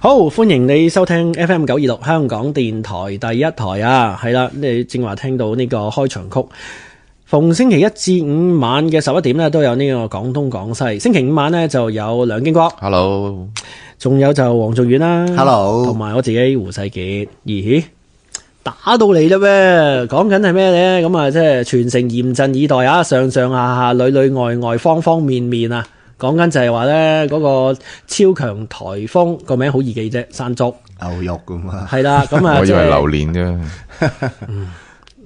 好，歡迎你收聽 FM 九二六香港電台第一台啊，係啦，你正話聽到呢個開場曲。逢星期一至五晚嘅十一點咧，都有呢個廣東廣西。星期五晚呢就有梁敬國，Hello，仲有就黃仲遠啦，Hello，同埋我自己胡世傑。咦，咦，打到你啦咩？講緊係咩呢？咁啊，即係全城嚴陣以待啊，上上下下、裏裏外外、方方面面啊。講緊就係話咧，嗰個超強台風個名好易記啫，山竹牛肉咁嘛，係啦，咁啊、就是， 我以為榴蓮啫，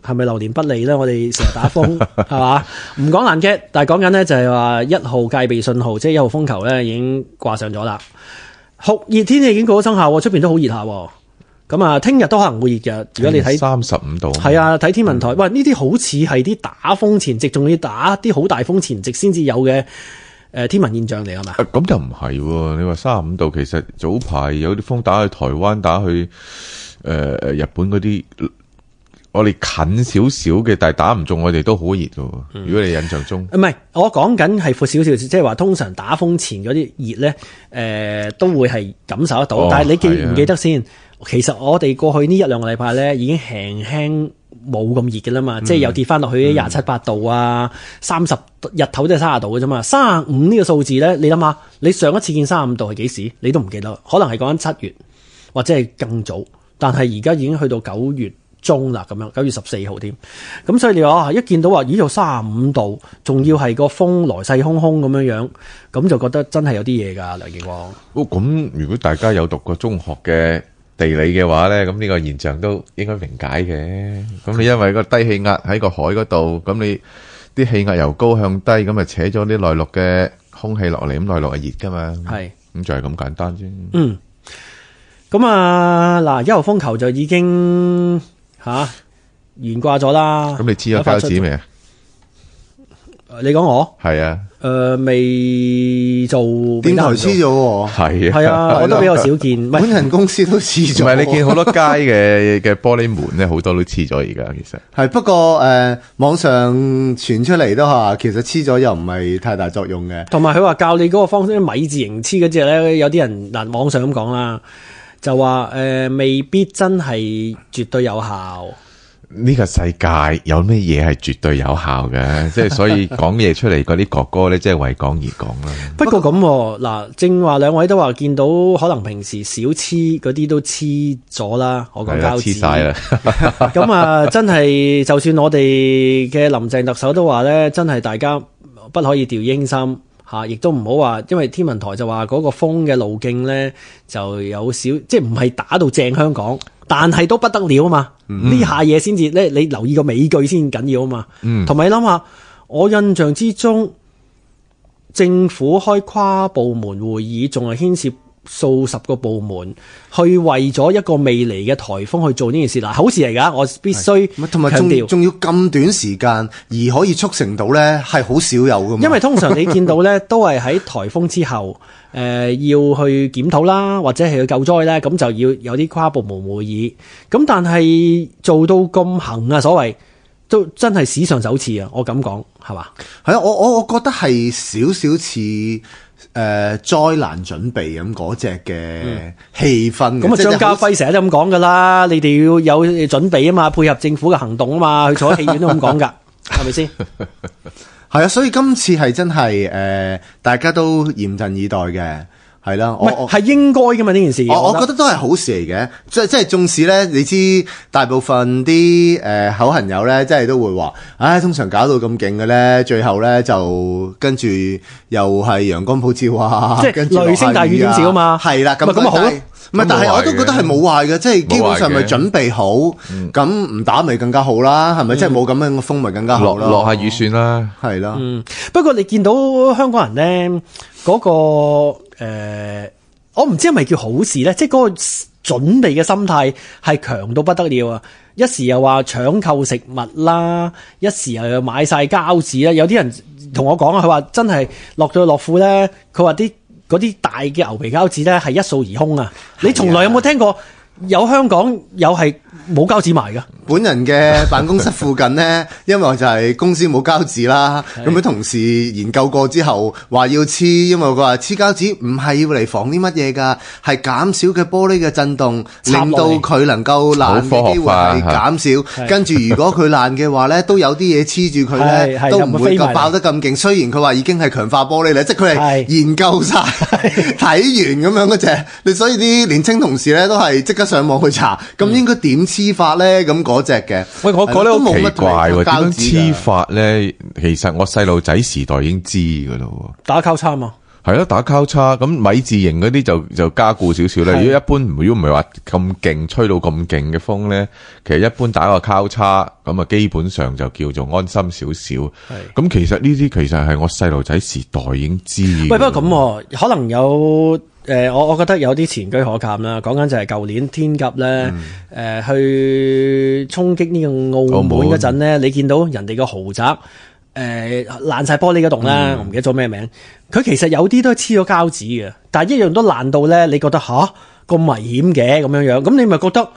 係咪 榴蓮不利咧？我哋成日打風係嘛，唔講難嘅，但係講緊呢就係話一號戒備信號，即係一號風球咧已經掛上咗啦。酷熱天氣已經過咗生效，出邊都好熱下咁啊。聽日都可能會熱嘅。如果你睇三十五度，係啊，睇天文台，嗯、喂，呢啲好似係啲打風前夕，仲要打啲好大風前夕先至有嘅。誒、呃，天文現象嚟啊嘛？誒，咁就唔係喎。你話三十五度，其實早排有啲風打去台灣，打去誒誒、呃、日本嗰啲，我哋近少少嘅，但係打唔中我哋都好熱嘅。嗯、如果你印象中，唔係、啊、我講緊係闊少少，即係話通常打風前嗰啲熱咧，誒、呃、都會係感受得到。哦、但係你記唔、啊、記得先？其實我哋過去呢一兩個禮拜咧，已經輕輕，冇咁熱嘅啦嘛，嗯、即係又跌翻落去廿七八度啊，三十、嗯、日頭都係三啊度嘅啫嘛，三啊五呢個數字咧，你諗下，你上一次見三啊五度係幾時？你都唔記得，可能係講緊七月或者係更早，但係而家已經去到九月中啦，咁樣九月十四號添，咁所以你話、啊、一見到話，咦又三啊五度，仲要係個風來勢洶洶咁樣樣，咁就覺得真係有啲嘢㗎，梁敬國。咁、哦、如果大家有讀過中學嘅地理嘅話咧，咁呢個現象都應該明解嘅。咁你因為個低氣壓喺個海嗰度，咁你啲氣壓由高向低，咁咪扯咗啲內陸嘅空氣落嚟，咁內陸係熱噶嘛，係咁是就係咁簡單啫、嗯。嗯，咁啊嗱，一號風球就已經吓懸掛咗啦。咁、啊、你知咗膠紙未啊？你講我係啊。誒、呃，未做？未電台黐咗、哦，係係啊，的我都比較少見。的是本人公司都黐咗、哦，係你見好多街嘅嘅玻璃門咧，好 多都黐咗而家。其實係不過誒、呃，網上傳出嚟都話，其實黐咗又唔係太大作用嘅。同埋佢話教你嗰個方式，米字形黐嗰隻咧，有啲人嗱、呃、網上咁講啦，就話誒、呃，未必真係絕對有效。呢個世界有咩嘢係絕對有效嘅？即係所以講嘢出嚟嗰啲哥哥咧，即係為講而講啦。 不過咁嗱、啊，正話兩位都話見到，可能平時少黐嗰啲都黐咗啦。我更加黐晒啦。咁 啊，真係就算我哋嘅林鄭特首都話呢，真係大家不可以掉以輕心。嚇，亦都唔好話，因為天文台就話個風嘅路徑咧就有少，即係唔係打到正香港，但係都不得了啊嘛！呢下嘢先至咧，你留意個尾句先緊要啊嘛！同埋、mm hmm. 你諗下，我印象之中政府開跨部門會議仲係牽涉。數十個部門去為咗一個未來嘅台風去做呢件事，嗱，好事嚟噶，我必須同埋仲要仲要咁短時間而可以促成到呢，係好少有噶。因為通常你見到呢， 都係喺台風之後，誒、呃，要去檢討啦，或者係去救災呢，咁就要有啲跨部門會議。咁但係做到咁行啊，所謂都真係史上首次啊，我咁講係嘛？係啊，我我我覺得係少少似。誒，災難準備咁嗰隻嘅氣氛，咁啊、嗯、即張家輝成日都咁講噶啦，嗯、你哋要有準備啊嘛， 配合政府嘅行動啊嘛，去坐戲院都咁講噶，係咪先？係啊，所以今次係真係誒、呃，大家都嚴陣以待嘅。 係啦，唔係係應該噶嘛呢件事，我我覺得都係好事嚟嘅。即即係縱使咧，你知大部分啲誒口痕友咧，即係都會話，唉，通常搞到咁勁嘅咧，最後咧就跟住又係陽光普照啊，即係雷聲大雨點小嘛。係啦，咁咁好，唔係但係我都覺得係冇壞嘅，即係基本上咪準備好，咁唔打咪更加好啦，係咪？即係冇咁樣嘅風咪更加好咯，落下雨算啦，係啦。嗯，不過你見到香港人咧嗰個。誒、呃，我唔知係咪叫好事咧，即係嗰個準備嘅心態係強到不得了啊！一時又話搶購食物啦，一時又買晒膠紙啦。有啲人同我講啊，佢話真係落到落庫咧，佢話啲啲大嘅牛皮膠紙咧係一掃而空啊！你從來有冇聽過？有香港有係冇膠紙埋噶，本人嘅辦公室附近呢， 因為就係公司冇膠紙啦。咁佢是同事研究過之後，話要黐，因為佢話黐膠紙唔係要嚟防啲乜嘢噶，係減少嘅玻璃嘅震動，令到佢能夠爛嘅機會係減少。啊、跟住如果佢爛嘅話呢，都有啲嘢黐住佢呢，都唔會爆得咁勁。雖然佢話已經係強化玻璃嚟，即係佢係研究晒，睇 完咁樣嗰隻。你所以啲年輕同事呢，都係即刻。上網去查，咁應該點黐法咧？咁嗰隻嘅，喂，我覺得好奇怪喎，點黐法咧？其實我細路仔時代已經知㗎咯。打交叉嘛，係囉，打交叉，咁米字形嗰啲就就加固少少啦。如果的一般，如果唔係話咁勁，吹到咁勁嘅風咧，其實一般打個交叉，咁啊基本上就叫做安心少少。係的，咁其實呢啲其實係我細路仔時代已經知。喂，不過咁、啊、可能有。誒，我、呃、我覺得有啲前車可鑒啦。講緊就係舊年天鴿咧，誒、嗯呃、去衝擊呢個澳門嗰陣咧，澳門你見到人哋個豪宅誒爛晒玻璃嗰棟咧，嗯、我唔記得咗咩名。佢其實有啲都係黐咗膠紙嘅，但係一樣都爛到咧，你覺得吓咁、啊、危險嘅咁樣樣？咁你咪覺得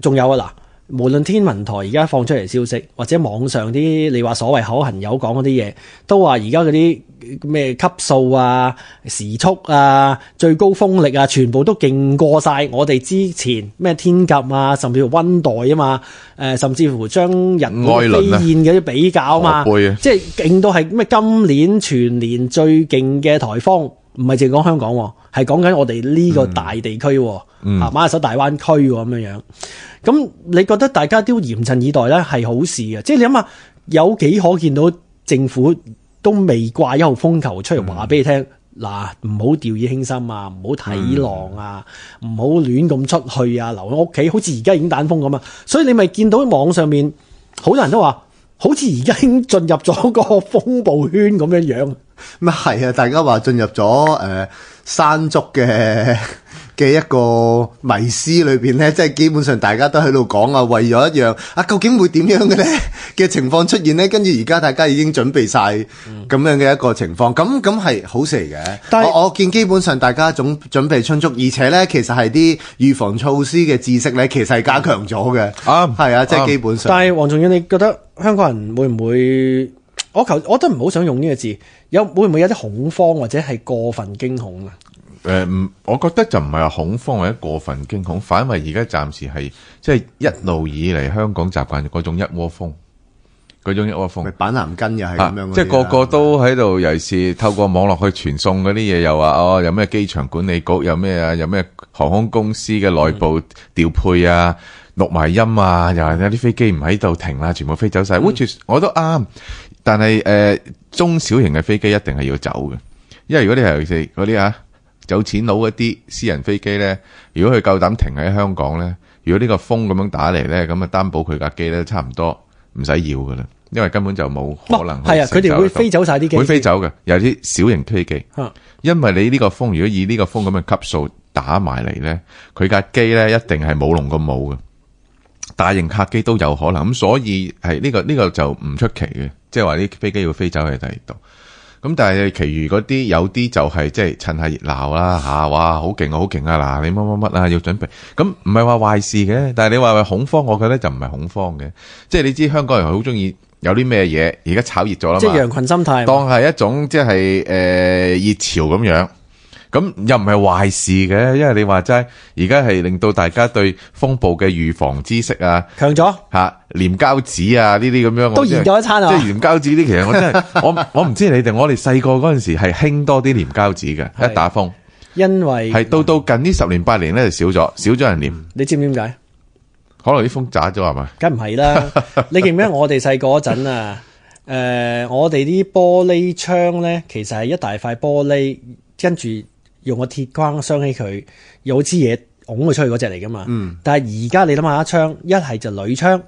仲有啊嗱？無論天文台而家放出嚟消息，或者網上啲你話所謂口痕友講嗰啲嘢，都話而家嗰啲咩級數啊、時速啊、最高風力啊，全部都勁過晒我哋之前咩天鴿啊，甚至乎溫黛啊嘛。誒、呃，甚至乎將人類飛燕啲比較啊嘛，啊即係勁到係咩今年全年最勁嘅颱風。唔係淨係講香港，係講緊我哋呢個大地區，嗯、啊馬來西亞大灣區咁樣樣。咁你覺得大家都嚴陣以待咧，係好事嘅。即係你諗下，有幾可見到政府都未掛一號風球出嚟話俾你聽，嗱唔好掉以輕心啊，唔好睇浪啊，唔好、嗯、亂咁出去啊，留喺屋企。好似而家已經打風咁啊，所以你咪見到網上面好多人都話。好似而家進入咗個風暴圈咁樣樣，咁啊係啊！大家話進入咗誒、呃、山竹嘅。 嘅一個迷思裏邊呢，即係基本上大家都喺度講啊，為咗一樣啊，究竟會點樣嘅呢嘅情況出現呢？跟住而家大家已經準備晒咁樣嘅一個情況，咁咁係好事嚟嘅。我是、啊、我見基本上大家總準備充足，而且呢其實係啲預防措施嘅知識呢，其實係加強咗嘅。啊、嗯，係啊，即係基本上。嗯嗯、但係黃仲遠，你覺得香港人會唔會？我求我都唔好想用呢個字，有會唔會有啲恐慌或者係過分驚恐啊？誒，唔，我覺得就唔係話恐慌或者過分驚恐，反為而家暫時係即係一路以嚟香港習慣嗰種一窩蜂，嗰種一窩蜂板藍根又係咁樣，即係個個都喺度，尤其是透過網絡去傳送嗰啲嘢，又話哦，有咩機場管理局，有咩啊，有咩航空公司嘅內部調配啊，錄埋音啊，又話有啲飛機唔喺度停啦，全部飛走晒。Which is，我都啱，但係誒中小型嘅飛機一定係要走嘅，因為如果你係嗰啲啊。有錢佬一啲私人飛機呢，如果佢夠膽停喺香港呢，如果呢個風咁樣打嚟呢，咁啊擔保佢架機呢差唔多唔使要噶啦，因為根本就冇可能係啊，佢哋會飛走晒啲機，會飛走嘅，有啲小型飛機，嗯、因為你呢個風如果以呢個風咁嘅級數打埋嚟呢，佢架機呢一定係冇龍過武嘅，大型客機都有可能，咁所以係呢、呢個呢、呢個就唔出奇嘅，即係話啲飛機要飛走去第二度。咁但係其餘嗰啲有啲就係即係趁下熱鬧啦吓，哇，好勁啊好勁啊，嗱，你乜乜乜啊要準備，咁唔係話壞事嘅，但係你話咪恐慌，我覺得就唔係恐慌嘅，即係你知香港人好中意有啲咩嘢，而家炒熱咗啦嘛，即係羊群心態，當係一種即係誒熱潮咁樣。咁又唔係壞事嘅，因為你話齋，而家係令到大家對風暴嘅預防知識啊強咗吓，粘膠紙啊呢啲咁樣都驗咗一餐啊，連膠啊這這即係粘膠紙呢？其實我真係我我唔知你哋，我哋細個嗰陣時係興多啲粘膠紙嘅，一打風，因為係到到近呢十年八年咧就少咗，少咗人粘。你知唔知點解？可能啲風渣咗係嘛？梗唔係啦，你記唔記得我哋細個嗰陣啊？誒，我哋啲玻璃窗咧，其實係一大塊玻璃，跟住。用個鐵框傷起佢，有支嘢拱佢出去嗰隻嚟㗎嘛？嗯、但係而家你諗下，一槍一係就鋁槍，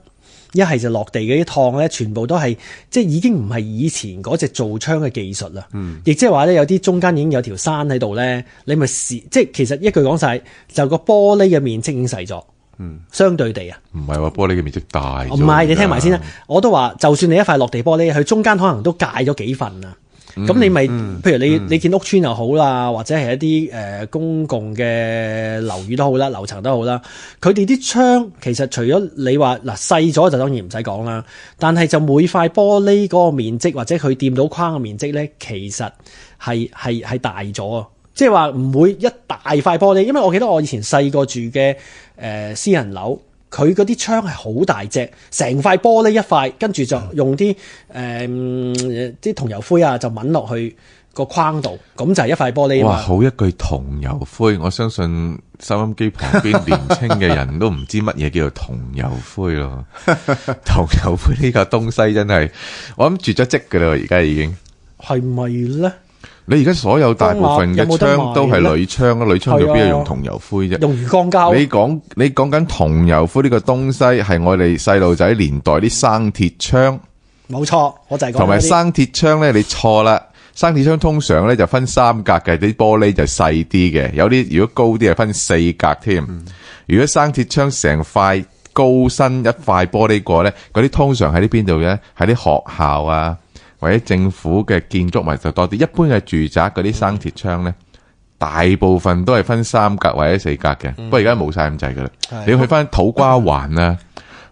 一係就落地嗰啲槍咧，全部都係即係已經唔係以前嗰隻做槍嘅技術啦。亦即係話咧，有啲中間已經有條山喺度咧，你咪試即係其實一句講晒，就個、是、玻璃嘅面積已經細咗，嗯、相對地啊，唔係話玻璃嘅面積大，唔係你聽埋先啦。啊、我都話，就算你一塊落地玻璃，佢中間可能都界咗幾份啊。咁你咪，譬如你你見屋邨又好啦，或者係一啲誒、呃、公共嘅樓宇都好啦，樓層都好啦，佢哋啲窗其實除咗你話嗱、呃、細咗就當然唔使講啦，但係就每塊玻璃嗰個面積或者佢掂到框嘅面積咧，其實係係係大咗啊！即係話唔會一大塊玻璃，因為我記得我以前細個住嘅誒、呃、私人樓。佢嗰啲窗係好大隻，成塊玻璃一塊，跟住就用啲誒啲桐油灰啊，就揾落去個框度，咁就係一塊玻璃哇。好一句桐油灰，我相信收音機旁邊年青嘅人 都唔知乜嘢叫做桐油灰咯。桐油灰呢個東西真係，我諗絕咗跡噶啦，而家已經係咪咧？你而家所有大部分嘅窗都係鋁窗，鋁窗就邊度用桐油灰啫？用魚缸膠。你講你講緊桐油灰呢個東西，係我哋細路仔年代啲生鐵窗。冇錯，我就係講。同埋生鐵窗咧，你錯啦。生鐵窗通常咧就分三格嘅，啲玻璃就細啲嘅。有啲如果高啲係分四格添。如果生鐵窗成塊高身一塊玻璃過咧，嗰啲通常喺啲邊度嘅？喺啲學校啊。或者政府嘅建築物就多啲，一般嘅住宅嗰啲生鐵窗呢，嗯、大部分都係分三格或者四格嘅，嗯、不過而家冇晒咁滯㗎喇。那個嗯、你要去翻土瓜灣啊，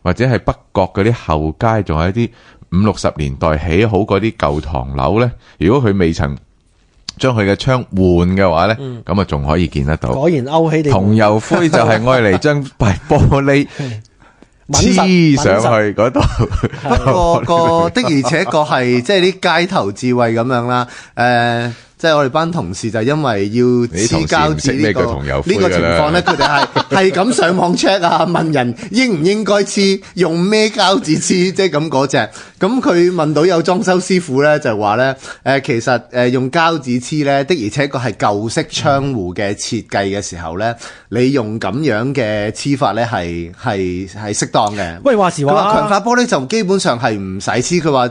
或者係北角嗰啲後街，仲有一啲五六十年代起好嗰啲舊唐樓呢。如果佢未曾將佢嘅窗換嘅話呢，咁啊仲可以見得到。果然歐起地銅油灰就係愛嚟將塊玻璃。 黐上去嗰度，的 不過個 的而且確係即係啲街頭智慧咁樣啦，誒、呃。即係我哋班同事就因為要黐膠紙呢個呢個情況呢，佢哋係係咁上網 check 啊，問人應唔應該黐，用咩膠紙黐？即係咁嗰隻。咁佢問到有裝修師傅呢，就話呢，誒，其實誒用膠紙黐呢的，而且確係舊式窗戶嘅設計嘅時候呢，嗯，你用咁樣嘅黐法呢係係係適當嘅。喂，話時話強化玻璃就基本上係唔使黐，佢話。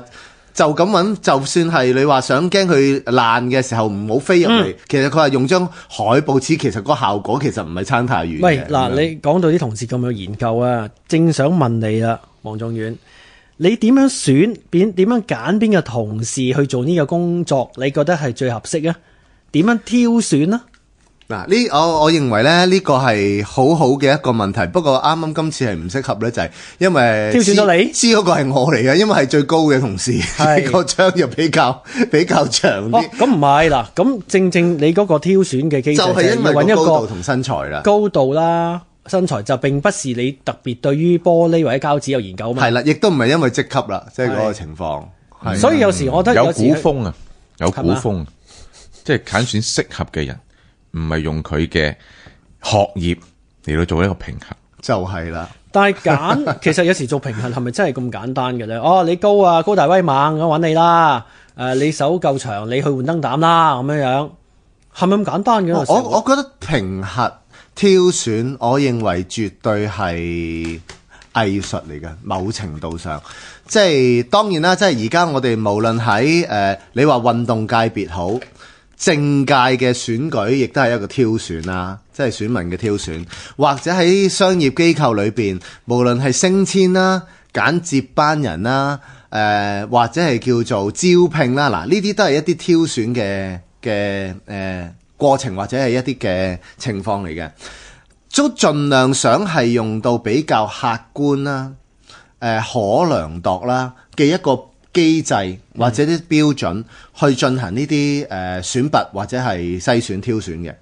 就咁揾，就算係你話想驚佢爛嘅時候唔好飛入嚟，嗯、其實佢話用張海報紙，其實個效果其實唔係差太遠喂，嗱，這樣 你講到啲同事咁有研究啊，正想問你啊，黃仲遠，你點樣選邊，點樣揀邊個同事去做呢個工作？你覺得係最合適啊？點樣挑選呢？嗱，呢我我認為咧呢、這個係好好嘅一個問題，不過啱啱今次係唔適合咧，就係、是、因為挑選到你，知嗰個係我嚟嘅，因為係最高嘅同事，個是槍又比較比較長啲。咁唔係啦，咁正正你嗰個挑選嘅機制就係 因為搵一個高度同身材啦，高度啦，身材就並不是你特別對於玻璃或者膠紙有研究啊嘛。係啦是，亦都唔係因為職級啦，即係嗰個情況。所以有時我覺得，有古風啊，有古風、啊，即係揀選適合嘅人。 唔係用佢嘅學業嚟到做一個平衡，就係是啦。但係揀其實有時做平衡係咪真係咁簡單嘅咧？ 哦，你高啊，高大威猛咁揾你啦。誒、呃，你手夠長，你去換燈膽啦，咁樣樣，係咪咁簡單嘅、哦？我我覺得平衡挑選，我認為絕對係藝術嚟嘅。某程度上，即係當然啦，即係而家我哋無論喺誒，你話運動界別好。政界嘅選舉亦都係一個挑選啦，即係選民嘅挑選，或者喺商業機構裏邊，無論係升遷啦、揀接班人啦，誒、呃、或者係叫做招聘啦，嗱呢啲都係一啲挑選嘅嘅誒過程或者係一啲嘅情況嚟嘅，都盡量想係用到比較客觀啦、誒、呃、可量度啦嘅一個機制或者啲標準去進行呢啲誒選拔或者係篩選挑選嘅，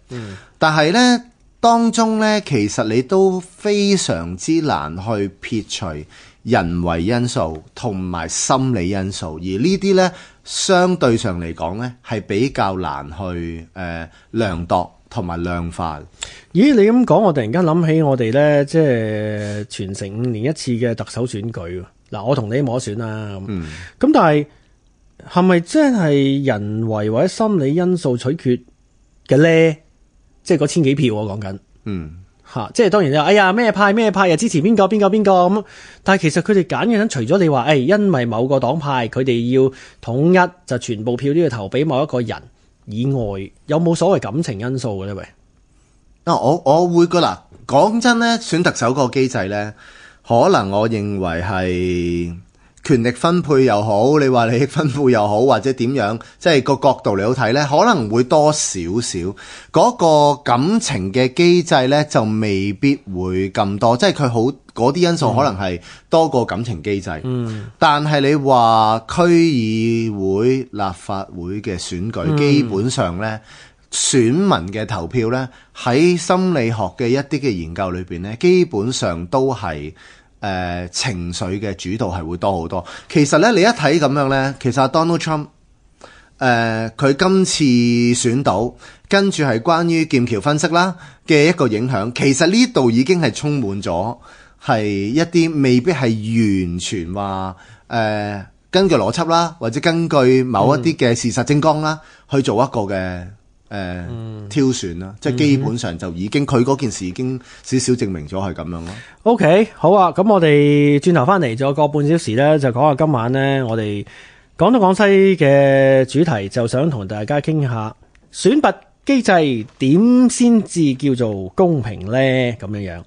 但係呢當中呢，其實你都非常之難去撇除人為因素同埋心理因素，而呢啲呢，相對上嚟講呢，係比較難去誒量度同埋量化。咦？你咁講，我突然間諗起我哋呢，即係全城五年一次嘅特首選舉。嗱，我同你摸選啦、啊，咁咁、嗯、但係係咪真係人為或者心理因素取決嘅咧？即係嗰千幾票我講緊，嗯吓、啊，即係當然啦，哎呀咩派咩派啊，支持邊個邊個邊個咁。但係其實佢哋揀嘅，人，除咗你話誒，因為某個黨派佢哋要統一就全部票都要投俾某一個人以外，有冇所謂感情因素嘅呢？喂，啊，我我會㗎喇，講真咧，選特首個機制咧。可能我認為係權力分配又好，你話利益分配又好，或者點樣，即係個角度你好睇呢可能會多少少嗰個感情嘅機制呢，就未必會咁多，即係佢好嗰啲因素可能係多過感情機制。嗯，但係你話區議會、立法會嘅選舉，嗯、基本上呢。選民嘅投票呢，喺心理學嘅一啲嘅研究裏邊呢，基本上都係誒、呃、情緒嘅主導係會多好多。其實呢，你一睇咁樣呢，其實 Donald Trump 佢、呃、今次選到跟住係關於劍橋分析啦嘅一個影響，其實呢度已經係充滿咗係一啲未必係完全話誒、呃、根據邏輯啦，或者根據某一啲嘅事實證據啦、嗯、去做一個嘅。誒，嗯、挑選啦，即係基本上就已經，佢嗰、嗯、件事已經少少證明咗係咁樣咯。OK，好啊，咁我哋轉頭翻嚟仲有個半小時呢，就講下今晚呢，我哋廣東廣西嘅主題就想同大家傾下，選拔機制點先至叫做公平呢。咁樣樣，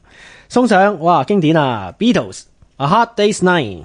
送上哇經典啊，Beatles，A Hard Day's Night。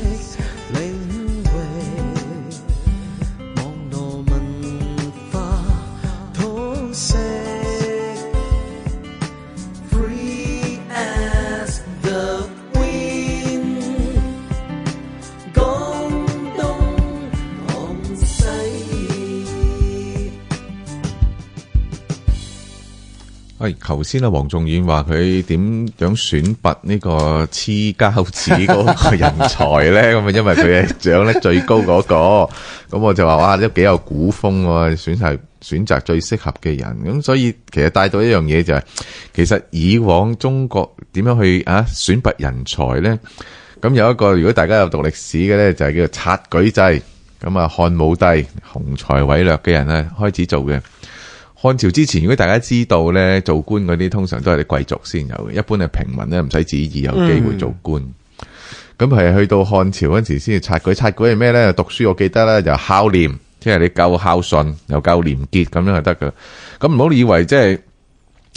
喂，頭先啊，黃仲遠話佢點樣選拔呢個黐膠紙嗰個人才呢？咁啊，因為佢係獎咧最高嗰個，咁 我就話哇，都幾有古風喎，選擇選擇最適合嘅人。咁所以其實帶到一樣嘢就係，其實以往中國點樣去啊選拔人才呢？咁有一個，如果大家有讀歷史嘅呢，就係叫做察舉制。咁啊，漢武帝雄才偉略嘅人啊，開始做嘅。漢朝之前，如果大家知道咧，做官嗰啲通常都係啲貴族先有嘅，一般係平民咧唔使旨意有機會做官。咁係、嗯、去到漢朝嗰陣時，先至察舉，察舉係咩咧？讀書我記得啦，又孝廉，即係你夠孝順又夠廉潔咁樣係得嘅。咁唔好以為即係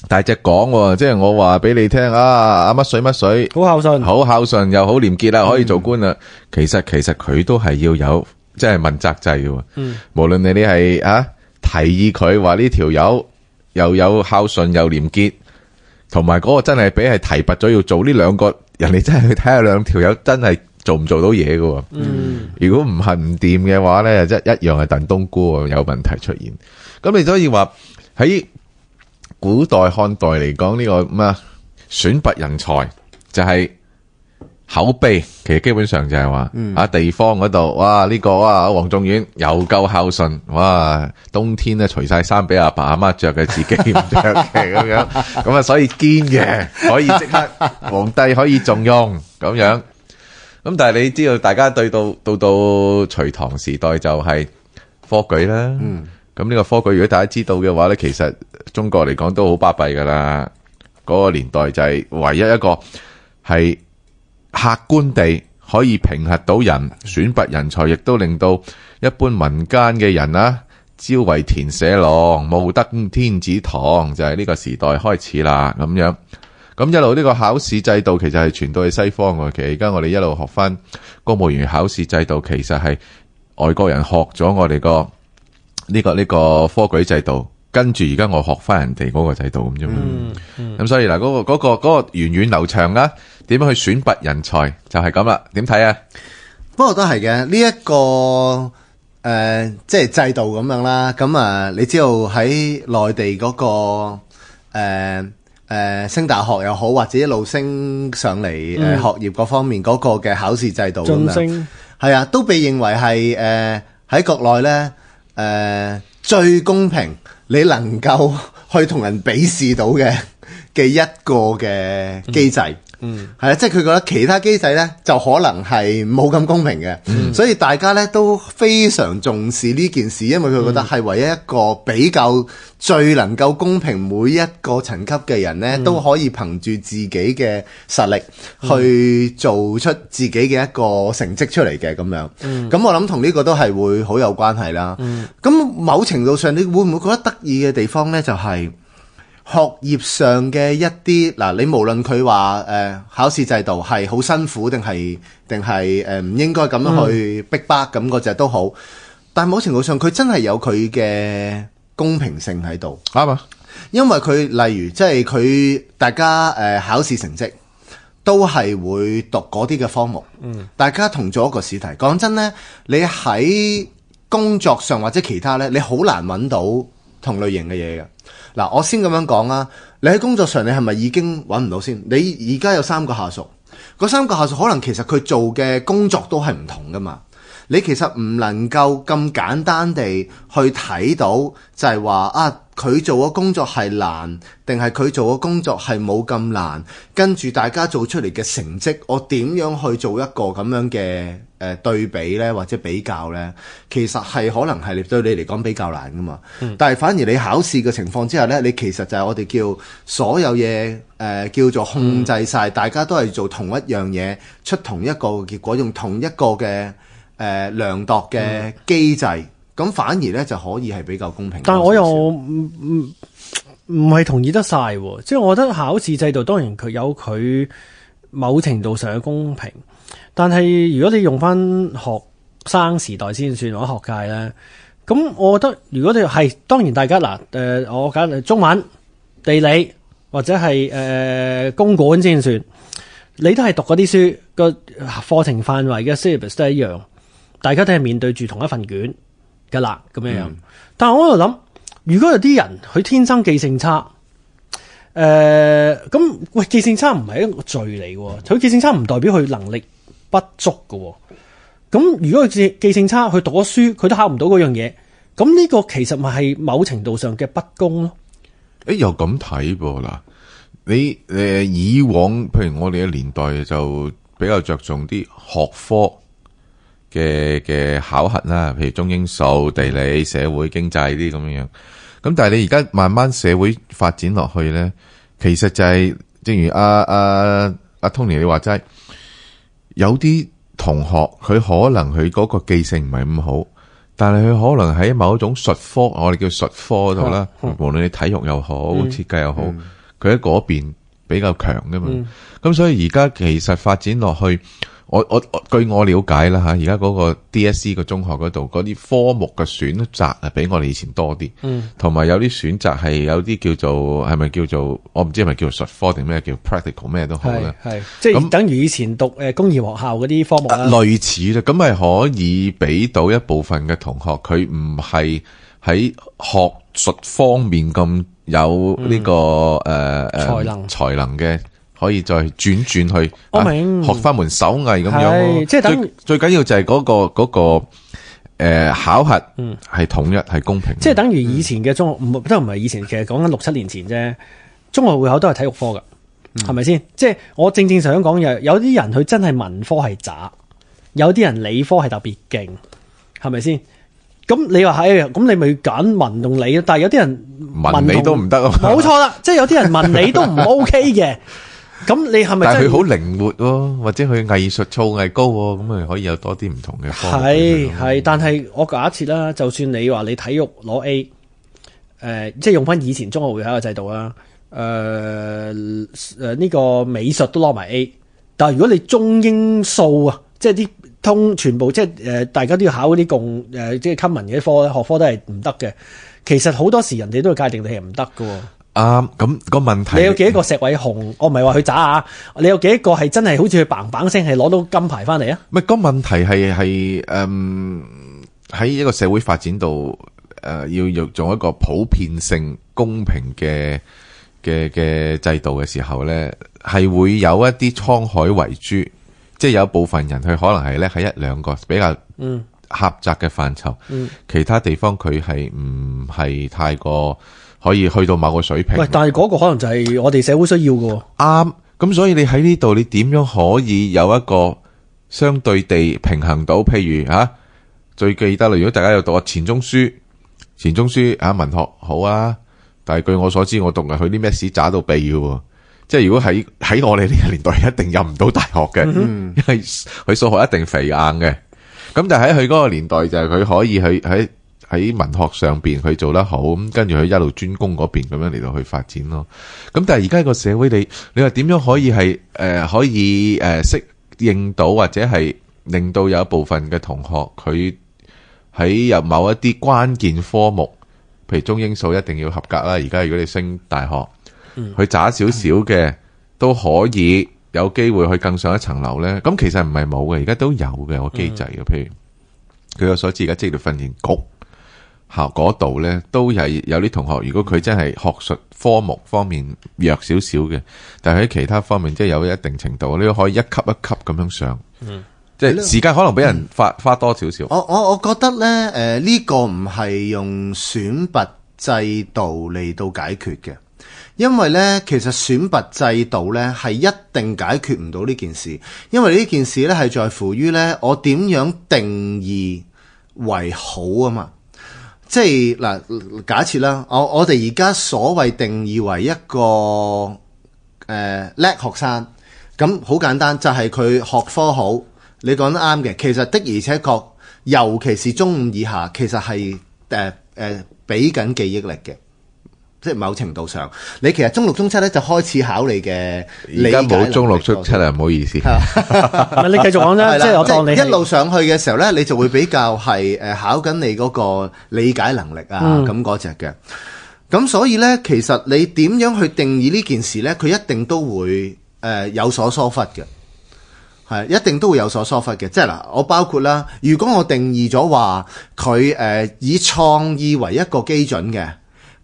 大隻講，即係我話俾你聽啊，阿乜水乜水，好孝順好孝順，好孝順又好廉潔啊，可以做官啊、嗯。其實其實佢都係要有即係問責制嘅，嗯、無論你你係啊。提議佢話呢條友又有孝順又廉潔，同埋嗰個真係俾係提拔咗要做呢兩個人哋真係去睇下兩條友真係做唔做到嘢噶。嗯、如果唔係唔掂嘅話呢，就真一樣係燉冬菇，有問題出現。咁你所以話喺古代漢代嚟講呢個咩啊選拔人才就係、是。口碑其實基本上就係話啊，嗯、地方嗰度哇，呢、這個哇，黃仲遠又夠孝順哇，冬天咧除晒衫俾阿爸阿媽着嘅，自己唔着嘅咁樣，咁啊所以堅嘅可以即刻 皇帝可以重用咁樣。咁但係你知道，大家對到到到隋唐時代就係科舉啦。咁呢、嗯、個科舉如果大家知道嘅話咧，其實中國嚟講都好巴閉㗎喇。嗰、那個年代就係唯一一個係客觀地可以評核到人，選拔人才，亦都令到一般民間嘅人啊，朝為田舍郎，暮登天子堂，就係、是、呢個時代開始啦。咁樣，咁一路呢個考試制度其實係傳到去西方嘅，而家我哋一路學翻公務員考試制度，其實係外國人學咗我哋、這個呢個呢個科舉制度。跟住而家我學翻人哋嗰個制度咁啫嘛，咁、嗯嗯、所以嗱嗰、那個嗰、那個嗰、那個源、那個、遠，遠流長啊，點樣去選拔人才就係咁啦，點睇啊？不過都係嘅，呢、這、一個誒、呃、即係制度咁樣啦，咁啊你知道喺內地嗰、那個誒、呃呃、升大學又好，或者一路升上嚟誒、嗯呃、學業各方面嗰個嘅考試制度咁樣，係升啊，都被認為係誒喺國內呢誒、呃、最公平。你能夠去同人比試到嘅嘅一個嘅機制。嗯嗯，係啊，即係佢覺得其他機制呢，就可能係冇咁公平嘅，嗯、所以大家呢都非常重視呢件事，因為佢覺得係唯一一個比較最能夠公平每一個層級嘅人呢，嗯、都可以憑住自己嘅實力去做出自己嘅一個成績出嚟嘅咁樣。咁、嗯、我諗同呢個都係會好有關係啦。咁、嗯、某程度上，你會唔會覺得得意嘅地方呢？就係、是？學業上嘅一啲嗱，你無論佢話誒考試制度係好辛苦定係定係誒唔應該咁樣去逼逼咁嗰隻都好，嗯、但係某程度上佢真係有佢嘅公平性喺度，啱啊吧！因為佢例如即係佢大家誒、呃、考試成績都係會讀嗰啲嘅科目，嗯，大家同做一個試題。講真咧，你喺工作上或者其他咧，你好難揾到同類型嘅嘢嘅。嗱，我先咁樣講啦，你喺工作上你係咪已經揾唔到先？你而家有三個下屬，嗰三個下屬可能其實佢做嘅工作都係唔同㗎嘛。你其實唔能夠咁簡單地去睇到就，就係話啊，佢做嘅工作係難，定係佢做嘅工作係冇咁難？跟住大家做出嚟嘅成績，我點樣去做一個咁樣嘅誒對比呢？或者比較呢？其實係可能係對你嚟講比較難㗎嘛。嗯、但係反而你考試嘅情況之下呢，你其實就係我哋叫所有嘢誒、呃、叫做控制晒，嗯、大家都係做同一樣嘢，出同一個結果，用同一個嘅。誒、呃，量度嘅機制咁，嗯、反而咧就可以係比較公平。但係我又唔唔唔係同意得晒，即係我覺得考試制度當然佢有佢某程度上嘅公平，但係如果你用翻學生時代先算，我學界咧咁，我覺得如果你係當然大家嗱誒、呃，我揀中文、地理或者係誒、呃、公管先算，你都係讀嗰啲書個課程範圍嘅 subject 都係一樣。大家都係面對住同一份卷㗎啦，咁樣樣。嗯、但係我喺度諗，如果有啲人佢天生記性差，誒、呃，咁喂，記性差唔係一個罪嚟嘅，佢記性差唔代表佢能力不足嘅。咁如果佢記記性差，佢讀咗書，佢都考唔到嗰樣嘢，咁呢個其實咪係某程度上嘅不公咯？誒、欸，又咁睇噃嗱，你誒，你以往譬如我哋嘅年代就比較着重啲學科。嘅嘅考核啦，譬如中英數、地理、社會、經濟啲咁樣樣。咁但係你而家慢慢社會發展落去呢，其實就係、是、正如阿阿阿 Tony 你話齋，有啲同學佢可能佢嗰個記性唔係咁好，但係佢可能喺某一種術科，我哋叫術科嗰度啦，好無論你體育又好、嗯、設計又好，佢喺嗰邊比較強噶嘛。咁、嗯、所以而家其實發展落去。我我據我了解啦嚇，而家嗰個 DSE 個中學嗰度嗰啲科目嘅選擇係，比我哋以前多啲，嗯，同埋有啲選擇係有啲叫做係咪叫做我唔知係咪叫做術科定咩叫 practical 咩都好啦。係那即係等於以前讀誒工業學校嗰啲科目啦，類似啦，咁咪可以俾到一部分嘅同學佢唔係喺學術方面咁有呢、這個誒、嗯呃、才能、啊、才能嘅。可以再轉轉去，學翻門手藝咁樣、啊。即係最最緊要就係嗰、嗰個、嗰個誒、呃、考核，系統一係、嗯、公平。即係等於以前嘅中學，唔都唔係以前，其實講緊六七年前啫。中學會考都係體育科噶，係咪先？即係我正正想講嘅，有啲人佢真係文科係渣，有啲人理科係特別勁，係咪先？咁你話係，咁、欸、你咪揀文同理啊？但係有啲人文理都唔得啊！冇錯啦，即係有啲人文理都唔 OK 嘅。 咁你係咪佢好靈活喎、啊，或者佢藝術造詣高喎、啊，咁咪可以有多啲唔同嘅科系係，但係我假設啦，就算你話你體育攞 A，誒、呃，即係用翻以前中學會考嘅制度啦，誒誒呢個美術都攞埋 A，但係如果你中英數啊，即係啲通全部即係誒、呃，大家都要考嗰啲共誒即係 common 嘅科咧，學科都係唔得嘅。其實好多時人哋都要界定你係唔得噶。啊，咁、嗯，那個問題，你有幾多個石偉雄？我唔係話佢渣啊，你有幾多個係真係好似佢棒棒聲係攞到金牌翻嚟啊？唔係，個問題係係，嗯，喺一個社會發展度，誒、呃，要做一個普遍性公平嘅嘅嘅制度嘅時候咧，係會有一啲滄海遺珠，即係有部分人佢可能係咧喺一兩個比較狹，嗯，狹窄嘅範疇，嗯，其他地方佢係唔係太過。可以去到某個水平。但係嗰個可能就係我哋社會需要嘅喎。啱、嗯，咁、嗯、所以你喺呢度，你點樣可以有一個相對地平衡到？譬如吓、啊，最記得啦，如果大家有讀啊錢鍾書，錢鍾書吓、啊、文學好啊，但係據我所知，我讀係佢啲咩事渣到痹嘅喎。即係如果喺喺我哋呢個年代，一定入唔到大學嘅，嗯、哼因為佢數學一定肥硬嘅。咁但係喺佢嗰個年代，就係佢可以去喺。喺文學上邊佢做得好咁，跟住佢一路專攻嗰邊咁樣嚟到去發展咯。咁但係而家個社會你你話點樣可以係誒、呃、可以誒適應到或者係令到有一部分嘅同學佢喺入某一啲關鍵科目，譬如中英數一定要合格啦。而家如果你升大學，佢差少少嘅都可以有機會去更上一層樓呢？咁其實唔係冇嘅，而家都有嘅個機制嘅，譬、嗯、如據我、嗯、所知而家職業訓練局。效果度咧，都係有啲同學。如果佢真係學術科目方面弱少少嘅，但係喺其他方面即係、就是、有一定程度，呢可以一級一級咁樣上，嗯、即係時間可能畀人花、嗯、花多少少。我我我覺得咧，誒、呃、呢、呢個唔係用選拔制度嚟到解決嘅，因為咧其實選拔制度咧係一定解決唔到呢件事，因為呢件事咧係在乎於咧我點樣定義為好啊嘛。即係嗱，假設啦，我我哋而家所謂定義為一個誒叻、呃、學生，咁好簡單，就係、是、佢學科好。你講得啱嘅，其實的而且確，尤其是中五以下，其實係誒誒畀緊記憶力嘅。即係某程度上，你其實中六中七咧就開始考你嘅理解能力。而家冇中六，數中，六中七啊，唔好意思。你繼續講啦， 了即係我當你一路上去嘅時候咧，你就會比較係誒考緊你嗰個理解能力啊咁嗰隻嘅。咁、嗯嗯、所以咧，其實你點樣去定義呢件事咧，佢一定都會誒有所疏忽嘅。係，一定都會有所疏忽嘅。即係嗱，我包括啦，如果我定義咗話，佢誒、呃、以創意為一個基準嘅。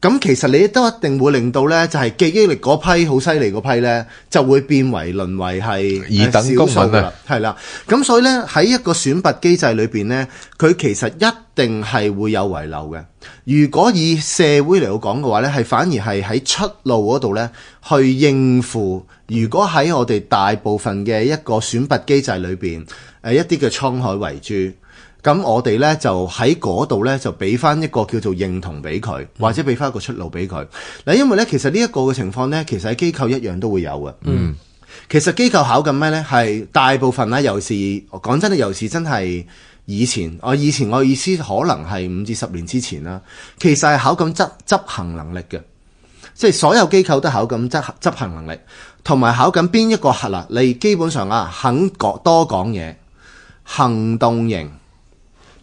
咁其實你都一定會令到咧，就係記憶力嗰批好犀利嗰批咧，就會變為淪為係二等公民啦。係啦，咁所以咧喺一個選拔機制裏邊咧，佢其實一定係會有遺漏嘅。如果以社會嚟講嘅話咧，係反而係喺出路嗰度咧去應付。如果喺我哋大部分嘅一個選拔機制裏邊，誒一啲嘅滄海遺珠。咁我哋呢就喺嗰度呢，就俾翻一個叫做認同俾佢，或者俾翻一個出路俾佢嗱。因為呢，其實呢一個嘅情況呢，其實喺機構一樣都會有嘅。嗯，其實機構考緊咩呢？係大部分啦，尤其係講真咧，尤其係真係以，以前我以前我意思可能係五至十年之前啦，其實係考緊執執行能力嘅，即係所有機構都考緊執執行能力，同埋考緊邊一個核啦？你基本上啊，肯講多講嘢，行動型。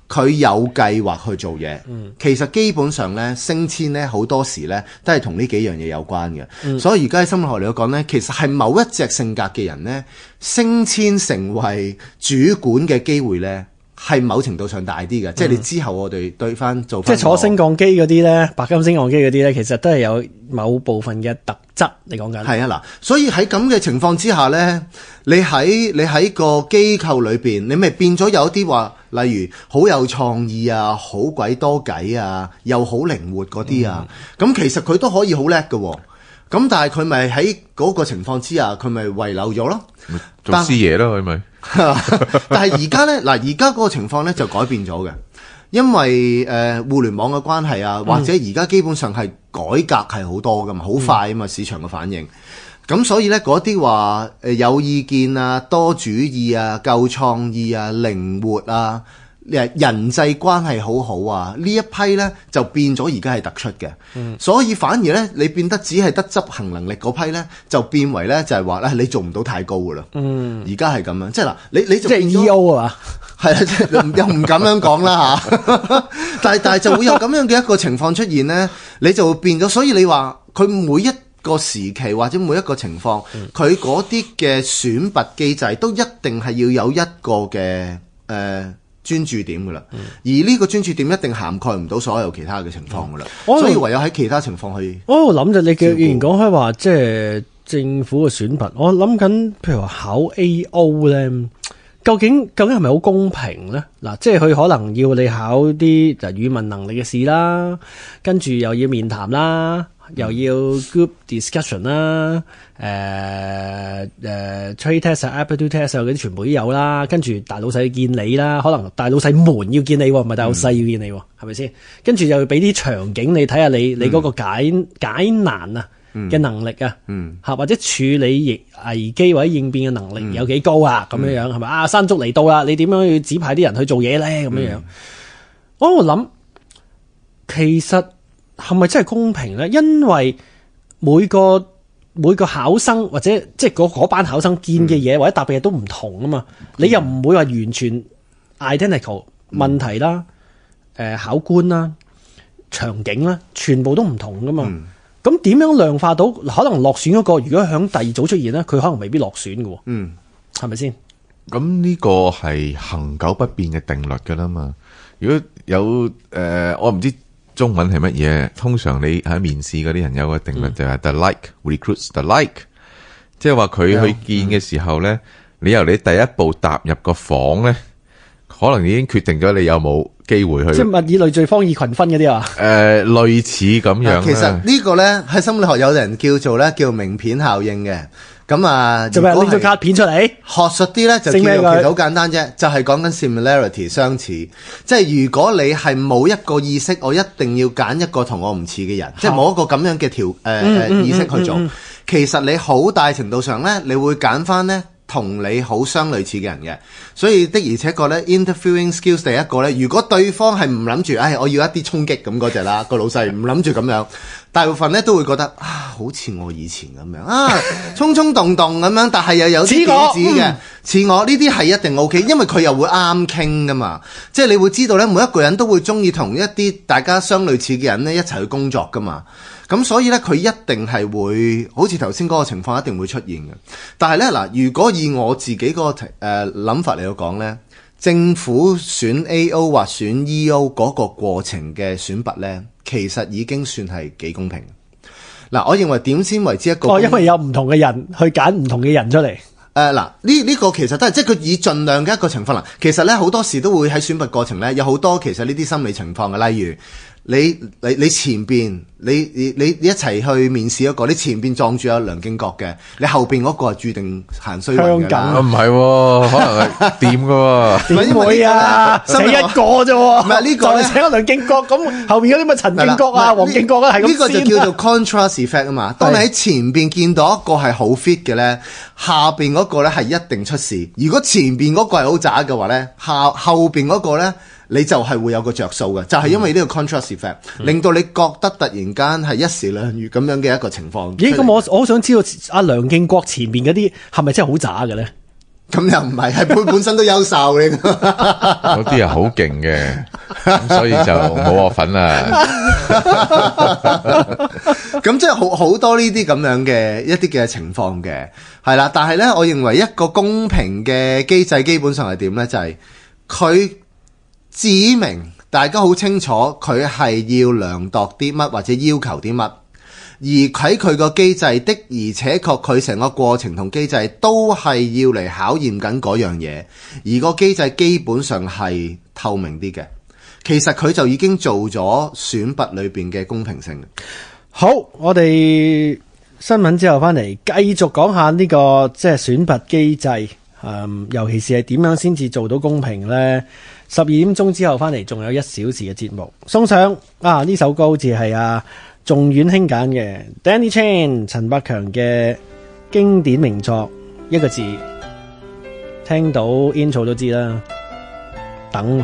佢有計劃去做嘢，其實基本上咧，升遷咧好多時咧都係同呢幾樣嘢有關嘅，嗯、所以而家喺心理學嚟講咧，其實係某一隻性格嘅人咧，升遷成為主管嘅機會咧。係某程度上大啲嘅，即係你之後我哋對翻做翻。即係坐升降機嗰啲咧，白金升降機嗰啲咧，其實都係有某部分嘅特質。你講緊係啊，嗱，所以喺咁嘅情況之下咧，你喺你喺個機構裏邊，你咪變咗有一啲話，例如好有創意啊，好鬼多計啊，又好靈活嗰啲啊，咁、嗯、其實佢都可以好叻㗎喎。咁但係佢咪喺嗰個情況之下，佢咪遺留咗咯？做師爺咯，係咪是。 但係而家呢，嗱，而家嗰個情況呢，就改變咗嘅，因為誒互聯網嘅關係啊，或者而家基本上係改革係好多噶嘛，好、嗯、快啊嘛，市場嘅反應。咁、嗯、所以呢，嗰啲話誒有意見啊，多主意啊，夠創意啊，靈活啊。人際關係好好啊，呢一批呢就變咗，而家係突出嘅，所以反而呢，你變得只係得執行能力嗰批呢，就變為呢，就係話呢你做唔到太高㗎喇。嗯，而家係咁樣，即係嗱，你你做即係 E.O. 啊，係啊，又唔咁樣講啦吓，但係但係就會有咁樣嘅一個情況出現呢，你就會變咗。所以你話佢每一個時期或者每一個情況，佢嗰啲嘅選拔機制都一定係要有一個嘅誒。呃專注點噶啦，而呢個專注點一定涵蓋唔到所有其他嘅情況噶啦，嗯、所以唯有喺其他情況去。哦，諗住你嘅，以前講開話即係政府嘅選拔，我諗緊，譬如話考 AO 咧，究竟究竟係咪好公平咧？嗱，即係佢可能要你考啲就語文能力嘅試啦，跟住又要面談啦。又要 group discussion 啦，呃，誒、呃、誒，trade test 啊，aptitude test 啊，啲全部都有啦。跟住大老細見你啦，可能大老細門要見你，唔係大老細要見你，係咪先？跟住又要俾啲場景你睇下你，嗯、你你嗰個解解難啊嘅能力啊，吓、嗯、或者處理疫危機或者應變嘅能力有幾高啊？咁、嗯、樣樣係咪啊？山竹嚟到啦，你點樣要指派啲人去做嘢咧？咁樣樣，嗯嗯、我諗其實。係咪真係公平咧？因為每個每個考生或者即係嗰班考生見嘅嘢，或者答嘅嘢都唔同啊嘛，嗯、你又唔會話完全 identical 問題啦，誒、嗯呃、考官啦、場景啦，全部都唔同噶嘛。咁點、嗯、樣量化到可能落選嗰個？如果響第二組出現咧，佢可能未必落選噶。嗯，係咪先？咁呢個係恆久不變嘅定律噶啦嘛。如果有誒、呃，我唔知。中文係乜嘢？通常你喺面試嗰啲人有個定律，就係 the like recruits the like，即係話佢去見嘅時候呢，的你由你第一步踏入個房呢，可能已經決定咗你有冇機會去。即係物以類聚，方以群分嗰啲啊？誒、呃，類似咁樣。其實呢個呢，喺心理學有人叫做呢，叫名片效應嘅。咁啊、嗯，如果係卡片出嚟，學術啲呢，就叫做其實好簡單啫，就係講緊 similarity 相似，即係如果你係冇一個意識，我一定要揀一個同我唔似嘅人，嗯、即係冇一個咁樣嘅條誒誒意識去做，嗯嗯嗯、其實你好大程度上呢，你會揀翻呢。同你好相類似嘅人嘅，所以的而且確咧 interviewing skills 第一個咧，如果對方係唔諗住，唉、哎，我要一啲衝擊咁嗰隻啦， 個老細唔諗住咁樣，大部分咧都會覺得啊，好似我以前咁樣啊，衝衝動動咁樣，但係又有啲點子嘅，似我呢啲係一定 OK，因為佢又會啱傾噶嘛，即係你會知道咧，每一個人都會中意同一啲大家相類似嘅人咧一齊去工作噶嘛。咁所以咧，佢一定係會好似頭先嗰個情況，一定會出現嘅。但係咧嗱，如果以我自己嗰個誒諗法嚟講咧，政府選 AO 或選 EO 嗰個過程嘅選拔咧，其實已經算係幾公平。嗱、啊，我認為點先為之一個、哦？因為有唔同嘅人去揀唔同嘅人出嚟。誒嗱、呃，呢呢、呢個其實都係即係佢以盡量嘅一個情況啦。其實咧好多時都會喺選拔過程咧有好多其實呢啲心理情況嘅，例如。你你你前邊你你你一齊去面試嗰、那個，你前邊撞住阿梁敬國嘅，你後邊嗰個係註定行衰路嘅。唔係香甘、 啊啊，可能掂嘅喎。點會啊？死一個啫。唔係、這個、呢個你就請阿梁敬國咁，後邊嗰啲咪陳敬國啊、黃敬國啊，係呢個就叫做 contrast effect 啊嘛。當你喺前邊見到一個係好 fit 嘅咧，的下邊嗰個咧係一定出事。如果前邊嗰個係好渣嘅話咧，下後邊嗰個咧。你就係會有個着數嘅，就係、是、因為呢個 contrast effect，令到你覺得突然間係一時兩語咁樣嘅一個情況。咦、嗯？咁來、嗯、我我好想知道阿梁敬國前面嗰啲係咪真係好渣嘅咧？咁又唔係，係本本身都優秀嘅。嗰啲係好勁嘅，所以就冇我份啦。咁即係好好多呢啲咁樣嘅一啲嘅情況嘅，係啦。但係咧，我認為一個公平嘅機制基本上係點咧？就係佢。指明大家好清楚，佢係要量度啲乜或者要求啲乜，而喺佢個機制，的而且確佢成個過程同機制都係要嚟考驗緊嗰樣嘢，而個機制基本上係透明啲嘅。其實佢就已經做咗選拔裏邊嘅公平性。好，我哋新聞之後翻嚟繼續講下呢個即係選拔機制，嗯，尤其是係點樣先至做到公平咧？十二點鐘之後翻嚟，仲有一小時嘅節目送上啊！呢首歌好似係啊仲遠興揀嘅 Danny Chan 陳百強嘅經典名作，一個字聽到 intro 都知啦，等。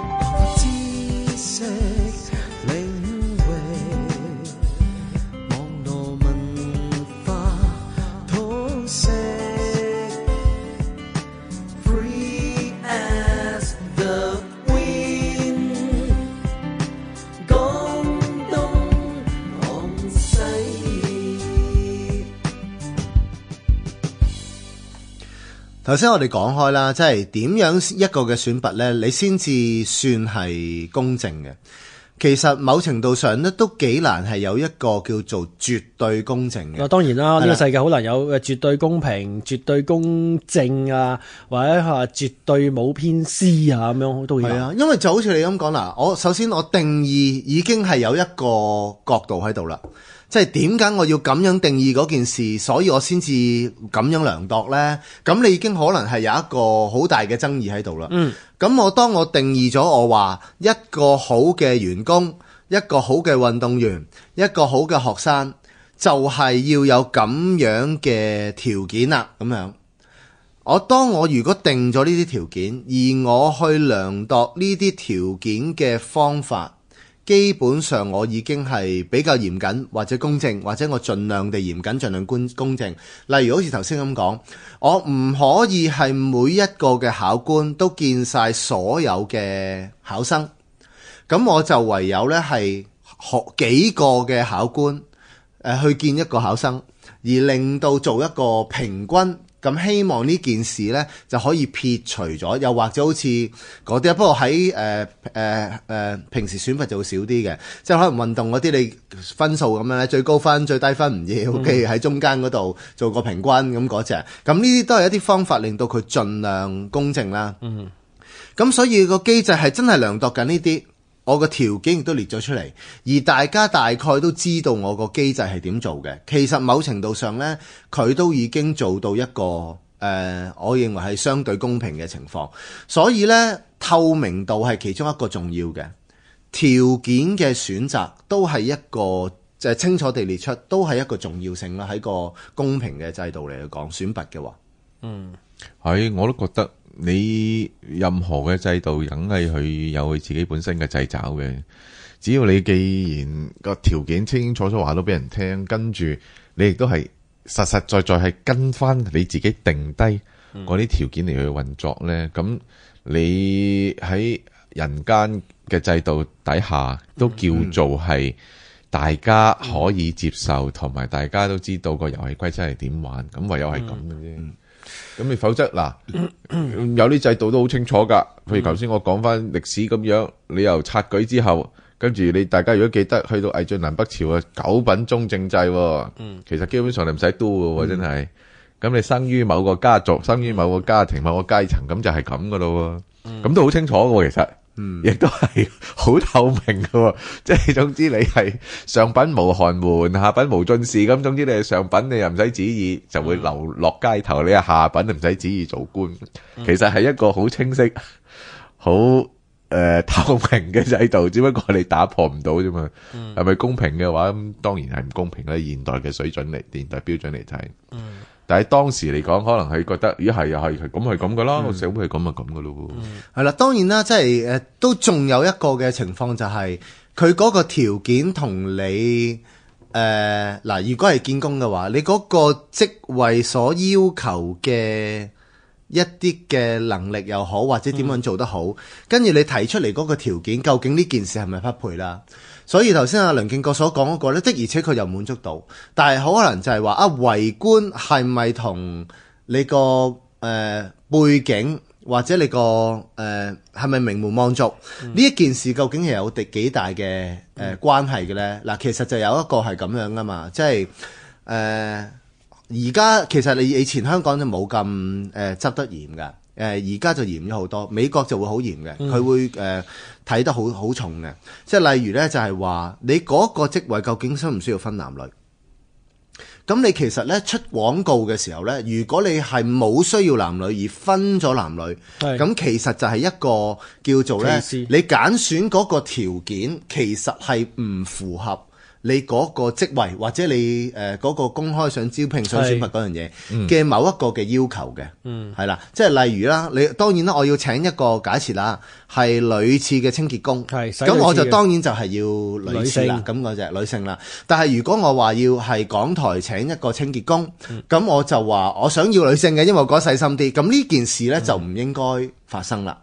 首先我哋講開啦，即係點樣一個嘅選拔咧，你先至算係公正嘅。其實某程度上咧，都幾難係有一個叫做絕對公正嘅。啊，當然啦，呢個世界好難有絕對公平，絕對公正啊，或者係絕對冇偏私啊，咁樣都係啊。因為就好似你咁講啦，我首先我定義已經係有一個角度喺度啦。即係點解我要咁樣定義嗰件事，所以我先至咁樣量度呢？咁你已經可能係有一個好大嘅爭議喺度啦。咁我、嗯、當我定義咗，我話一個好嘅員工、一個好嘅運動員、一個好嘅學生，就係要有咁樣嘅條件啦。咁樣，我當我如果定咗呢啲條件，而我去量度呢啲條件嘅方法。基本上，我已經係比較嚴謹或者公正，或者我盡量地嚴謹、儘量公公正。例如好似頭先咁講，我唔可以係每一個嘅考官都見晒所有嘅考生，咁我就唯有呢係學幾個嘅考官去見一個考生，而令到做一個平均。咁希望呢件事呢就可以撇除咗，又或者好似嗰啲，不過喺誒誒誒，平時選拔就會少啲嘅，即係可能運動嗰啲你分數咁樣咧，最高分最低分唔要，譬如喺中間嗰度做個平均咁嗰隻，咁呢啲都係一啲方法令到佢盡量公正啦。嗯哼，咁所以個機制係真係量度緊呢啲。我個條件亦都列咗出嚟，而大家大概都知道我個機制係點做嘅。其實某程度上呢，佢都已經做到一個誒、呃，我認為係相對公平嘅情況。所以呢，透明度係其中一個重要嘅條件嘅選擇，都係一個即係、就是、清楚地列出，都係一個重要性啦。喺個公平嘅制度嚟講，選拔嘅話，嗯，係我都覺得。你任何嘅制度，梗係佢有佢自己本身嘅掣肘嘅。只要你既然個條件清清楚楚話到俾人聽，跟住你亦都係實實在在係跟翻你自己定低嗰啲條件嚟去運作咧。咁、嗯、你喺人間嘅制度底下，都叫做係大家可以接受，同埋、嗯、大家都知道個遊戲規則係點玩。咁唯有係咁嘅啫。嗯咁你否則嗱，有啲制度都好清楚噶。譬如頭先我講翻歷史咁樣，你由察舉之後，跟住你大家如果記得去到魏晉南北朝啊，九品中正制、哦，嗯，其實基本上你唔使做嘅，嗯、真係。咁你生於某個家族，生於某個家庭，某個階層，咁就係咁噶咯。咁、嗯、都好清楚嘅、哦，其實。嗯，亦都係好透明嘅，即係總之你係上品無寒門，下品無進士，咁總之你係上品，你又唔使旨意就會流落街頭，你係下品，你唔使旨意做官，其實係一個好清晰、好誒透明嘅制度，只不過你打破唔到啫嘛。係咪公平嘅話，咁當然係唔公平啦。現代嘅水準嚟，現代標準嚟睇。喺 當時嚟講，可能係覺得咦，係又係，咁係咁噶啦，個社會係咁就咁噶咯。係啦，當然啦，即係誒，都、呃、仲有一個嘅情況就係佢嗰個條件同你誒嗱，如、呃、果係見工嘅話，你嗰個職位所要求嘅一啲嘅能力又好，或者點樣做得好，跟住、嗯、你提出嚟嗰個條件，究竟呢件事係咪匹配啦？所以頭先阿梁敬國所講嗰個咧的，的而且確又滿足到，但係好可能就係話啊，圍觀係咪同你個誒、呃、背景或者你個誒係咪名門望族呢、嗯、一件事，究竟係有第幾大嘅誒關係嘅咧？嗱、呃嗯呃，其實就有一個係咁樣噶嘛，即係誒而家其實你以前香港就冇咁誒執得嚴嘅，誒而家就嚴咗好多。美國就會好嚴嘅，佢會誒。嗯睇得好好重嘅，即係例如呢，就係話你嗰個職位究竟需唔需要分男女？咁你其實呢，出廣告嘅時候呢，如果你係冇需要男女而分咗男女，咁是其實就係一個叫做呢，事你揀選嗰個條件其實係唔符合。你嗰個職位或者你誒嗰個公開想招聘想選拔嗰樣嘢嘅某一個嘅要求嘅，係啦是，即係的例如啦，你當然啦，我要請一個假設啦，係女廁嘅清潔工，咁我就當然就係要女性啦，咁嗰隻女性啦。但係如果我話要係港台請一個清潔工，咁、嗯、我就話我想要女性嘅，因為我覺得細心啲。咁呢件事呢，就唔應該發生啦，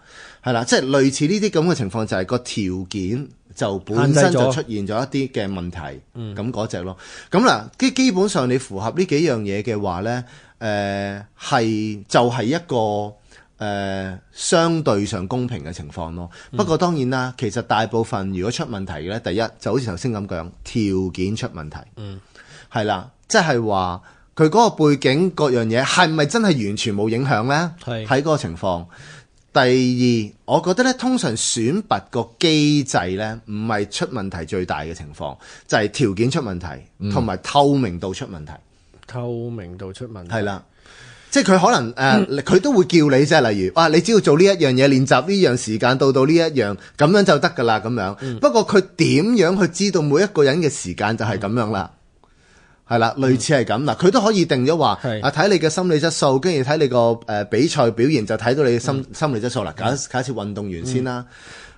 係啦、嗯，即係、就是、類似呢啲咁嘅情況，就係、是、個條件。就本身就出現咗一啲嘅問題，咁嗰隻咯。咁嗱、那個，基基本上你符合呢幾樣嘢嘅話呢，誒、呃、係就係、是、一個誒、呃、相對上公平嘅情況咯。不過當然啦，其實大部分如果出問題咧，第一就好似頭先咁講，條件出問題，係、嗯、啦，即係話佢嗰個背景各樣嘢係唔係真係完全冇影響呢？喺嗰的個情況。第二，我覺得咧，通常選拔個機制咧，唔係出問題最大嘅情況，就係、是、條件出問題，同埋透明度出問題、嗯。透明度出問題。係啦，即係佢可能誒，佢、呃、都會叫你，即係例如，哇、啊，你只要做呢一樣嘢練習呢樣時間，到到呢一樣，樣，咁樣就得㗎啦，咁樣。不過佢點樣去知道每一個人嘅時間就係咁樣啦？嗯。係啦，類似係咁啦，佢都、嗯、可以定咗話，啊睇是你嘅心理質素，跟住睇你個誒、呃、比賽表現，就睇到你嘅心、嗯、心理質素啦。假假設運動員先啦，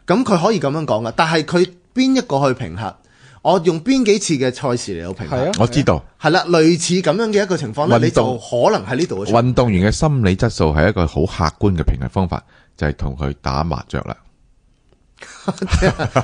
咁佢、嗯、可以咁樣講噶，但係佢邊一個去評核？我用邊幾次嘅賽事嚟到評核？我知道。係啦，類似咁樣嘅一個情況咧，動你就可能係呢度嘅。運動員嘅心理質素係一個好客觀嘅評核方法，就係同佢打麻雀啦。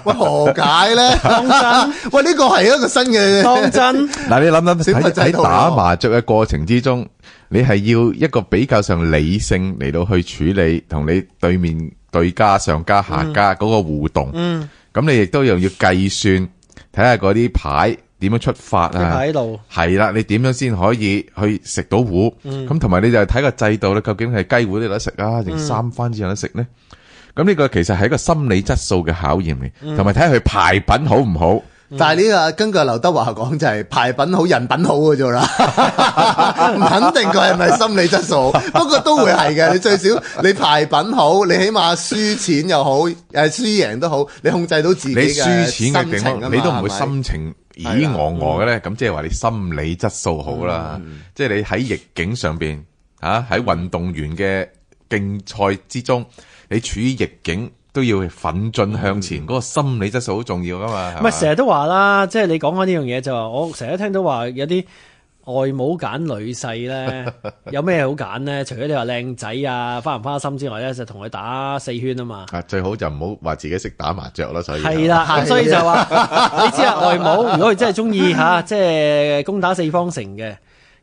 喂，何解咧？當真？ 喂，呢個係一個新嘅當真。嗱， 你諗諗喺喺打麻雀嘅過程之中， 你係要一個比較上理性嚟到去處理同你對面對家上家下家嗰個互動。嗯，咁你亦都又要計算，睇下嗰啲牌點樣出發啊？牌喺度係啦，你點樣先可以去食到糊？嗯，咁同埋你就係睇個制度咧，究竟係雞糊有得食啊，定三番之後有得食呢？咁呢個其實係一個心理質素嘅考驗嚟，同埋睇下佢牌品好唔好。嗯、但係呢個根據劉德華講就係牌品好人品好嘅啫啦，唔 肯定佢係咪心理質素， 不過都會係嘅。你最少你牌品好，你起碼輸錢又好，誒輸贏都好，你控制到自己嘅心情，你，輸錢你都唔會心情咦咿我我嘅咧。咁的即係話你心理質素好啦，即係、嗯嗯、你喺逆境上邊啊，喺運動員嘅競賽之中。你處於逆境都要奮進向前，嗰、那個心理質素好重要噶嘛？唔係成日都話啦，即係你講開呢樣嘢就係我成日都聽到話有啲外母揀女婿咧，有咩好揀呢？除咗你話靚仔啊、花唔花心之外咧，就同佢打四圈啊嘛。啊，最好就唔好話自己識打麻雀咯，所以係啦，所以就話、是、 你知啊，外母如果佢真係中意嚇，即係攻打四方城嘅，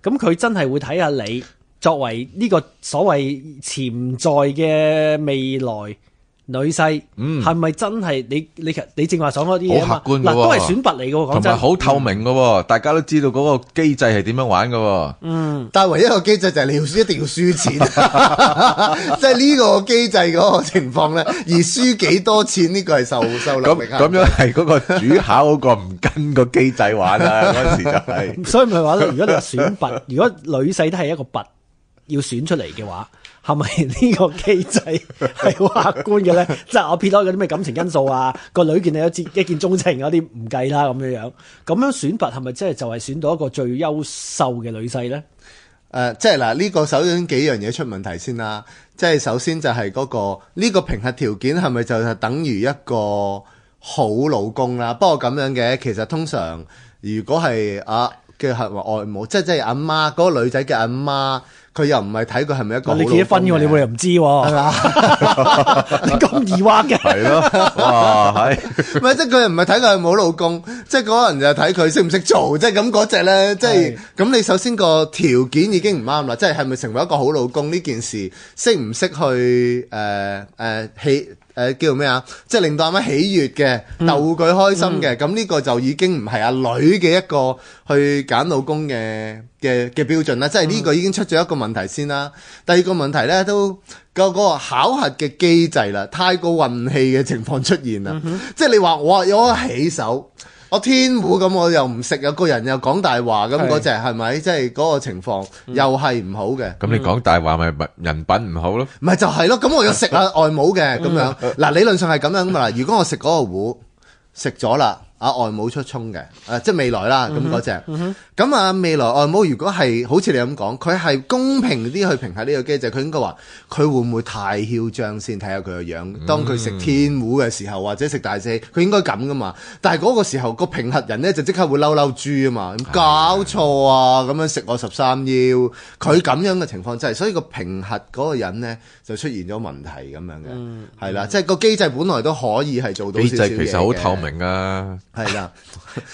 咁佢真係會睇下你。作為呢個所謂潛在嘅未來女婿，係咪、嗯、真係你你你正話想嗰啲好客觀噶，嗱都係選拔嚟噶，講真，同埋好透明噶，大家都知道嗰個機制係點樣玩噶。嗯，但係唯一,一個機制就係你要一定要輸錢，即係呢個機制嗰、 這個情況咧，而輸幾多錢呢個係受受。咁咁 樣係嗰個主考嗰個唔跟個機制玩啦，嗰 時就係、是。 所以咪話如果你係選拔，如果女婿都係一個拔。要選出嚟嘅話，係咪呢個機制係 好客觀嘅咧？ 即係我撇開嗰啲咩感情因素啊？ 個女見你有一見鍾情，有啲唔計啦，咁樣樣咁樣選拔係咪即係就係選到一個最優秀嘅女婿咧？誒、呃，即係嗱，呢、這個首先幾樣嘢出問題先啦。即係首先就係嗰、那個呢、這個評核條件係咪就係等於一個好老公啦？不過咁樣嘅其實通常如果係阿嘅係外母，即係即係阿媽嗰個女仔嘅阿媽。佢又唔係睇佢係咪一個好老公你得，你幾多分嘅你會又唔知，係嘛？你咁易惑嘅？係咯，哇，係，係即係佢又唔係睇佢係冇老公，即係嗰個人就睇佢識唔識做，即係咁嗰隻咧，是即係咁你首先個條件已經唔啱啦，即係係咪成為一個好老公呢件事，識唔識去誒誒、呃呃、起？誒、呃，叫做咩啊？即係令到阿媽喜悅嘅，逗佢、嗯、開心嘅，咁呢、嗯、個就已經唔係阿女嘅一個去揀老公嘅嘅嘅標準啦。嗯、即係呢個已經出咗一個問題先啦。第二個問題呢，都個個考核嘅機制啦，太過運氣嘅情況出現啦。嗯嗯、即係你話我有個起手。我天湖咁我又唔食，有個人又講大話咁嗰隻係咪？即係嗰個情況又係唔好嘅。咁、嗯、你講大話咪人品唔好咯？唔係就係咯。咁我又食啊 外母嘅咁樣。嗱 理論上係咁樣噶嘛。如果我食嗰個糊食咗啦。啊，外母出衝嘅，啊，即係未來啦，咁嗰隻，咁啊，未來外母如果係好似你咁講，佢係公平啲去評核呢個機制，佢應該話佢會唔會太囂張先看看，睇下佢個樣。Hmm. 當佢食天胡嘅時候，或者食大隻，佢應該咁噶嘛。但係嗰個時候、嗰個評核人呢，就即刻會嬲嬲豬啊嘛，搞錯啊咁、mm hmm. 樣食我十三腰。佢咁樣嘅情況真係，所以個評核嗰個人呢，就出現咗問題咁樣嘅，係啦、mm hmm.，即係個機制本來都可以係做到少少嘢嘅。機制其實好透明啊。係啦，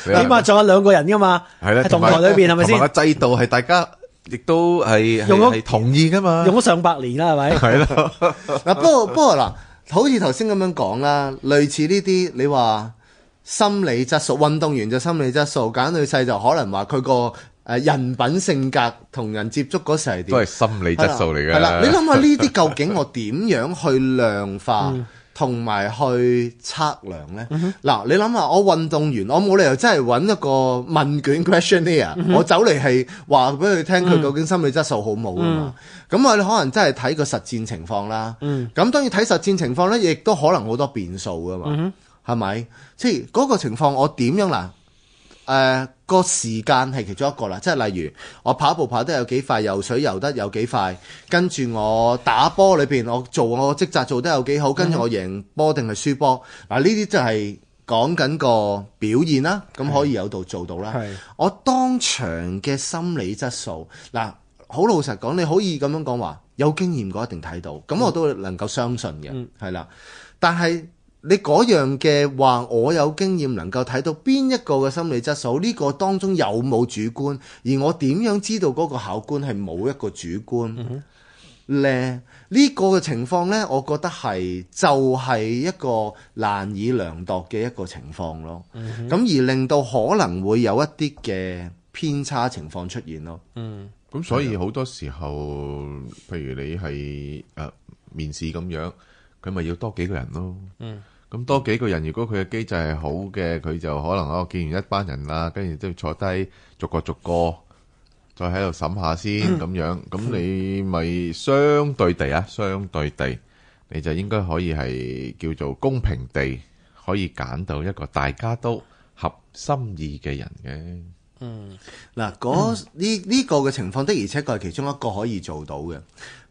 起碼仲有兩個人噶嘛，係啦的，同台裏邊係咪先？同有吧制度係大家亦都係用咗了同意噶嘛，用咗上百年啦，係咪？係啦，嗱，不過不過嗱，好似頭先咁樣講啦，類似呢啲，你話心理質素，運動員就心理質素，揀女婿就可能話佢個誒人品性格同人接觸嗰時係點？都係心理質素嚟嘅。係啦，你諗下呢啲究竟我點樣去量化？同埋去測量呢，嗱、嗯哼，你諗下，我運動員，我冇理由真係揾一個問卷 questionnaire、嗯、哼我走嚟係話俾佢聽，佢究竟心理質素好冇啊嘛？咁我哋可能真係睇個實戰情況啦。咁、嗯、當然睇實戰情況呢，亦都可能好多變數噶嘛，係咪、嗯哼？即係嗰個情況我，我點樣嗱？誒個、呃、時間係其中一個啦，即係例如我跑步跑得有幾快，游水游得有幾快，跟住我打波裏邊我做我職責做得有幾好，跟住我贏波定係輸波嗱，呢啲就係講緊個表現啦，咁可以有度做到啦。我當場嘅心理質素嗱，好老實講，你可以咁樣講話，有經驗過一定睇到，咁我都能夠相信嘅，係啦、嗯，但係。你嗰樣嘅話，我有經驗能夠睇到邊一個嘅心理質素呢、這個當中有冇主觀？而我點樣知道嗰個考官係冇一個主觀咧？嗯、哼呢、這個嘅情況呢，我覺得係就係、是、一個難以量度嘅一個情況咯。咁、嗯、哼而令到可能會有一啲嘅偏差情況出現咯。嗯，咁所以好多時候，嗯、譬如你係誒、呃、面試咁樣，佢咪要多幾個人咯。嗯。咁多幾個人，如果佢嘅機制係好嘅，佢就可能哦見完一班人啦，跟住都要坐低逐個逐個，再喺度審下先咁樣。咁你咪相對地啊，相對地，你就應該可以係叫做公平地，可以揀到一個大家都合心意嘅人嘅。嗯，嗱，嗰呢呢個嘅情況的而且確係其中一個可以做到嘅。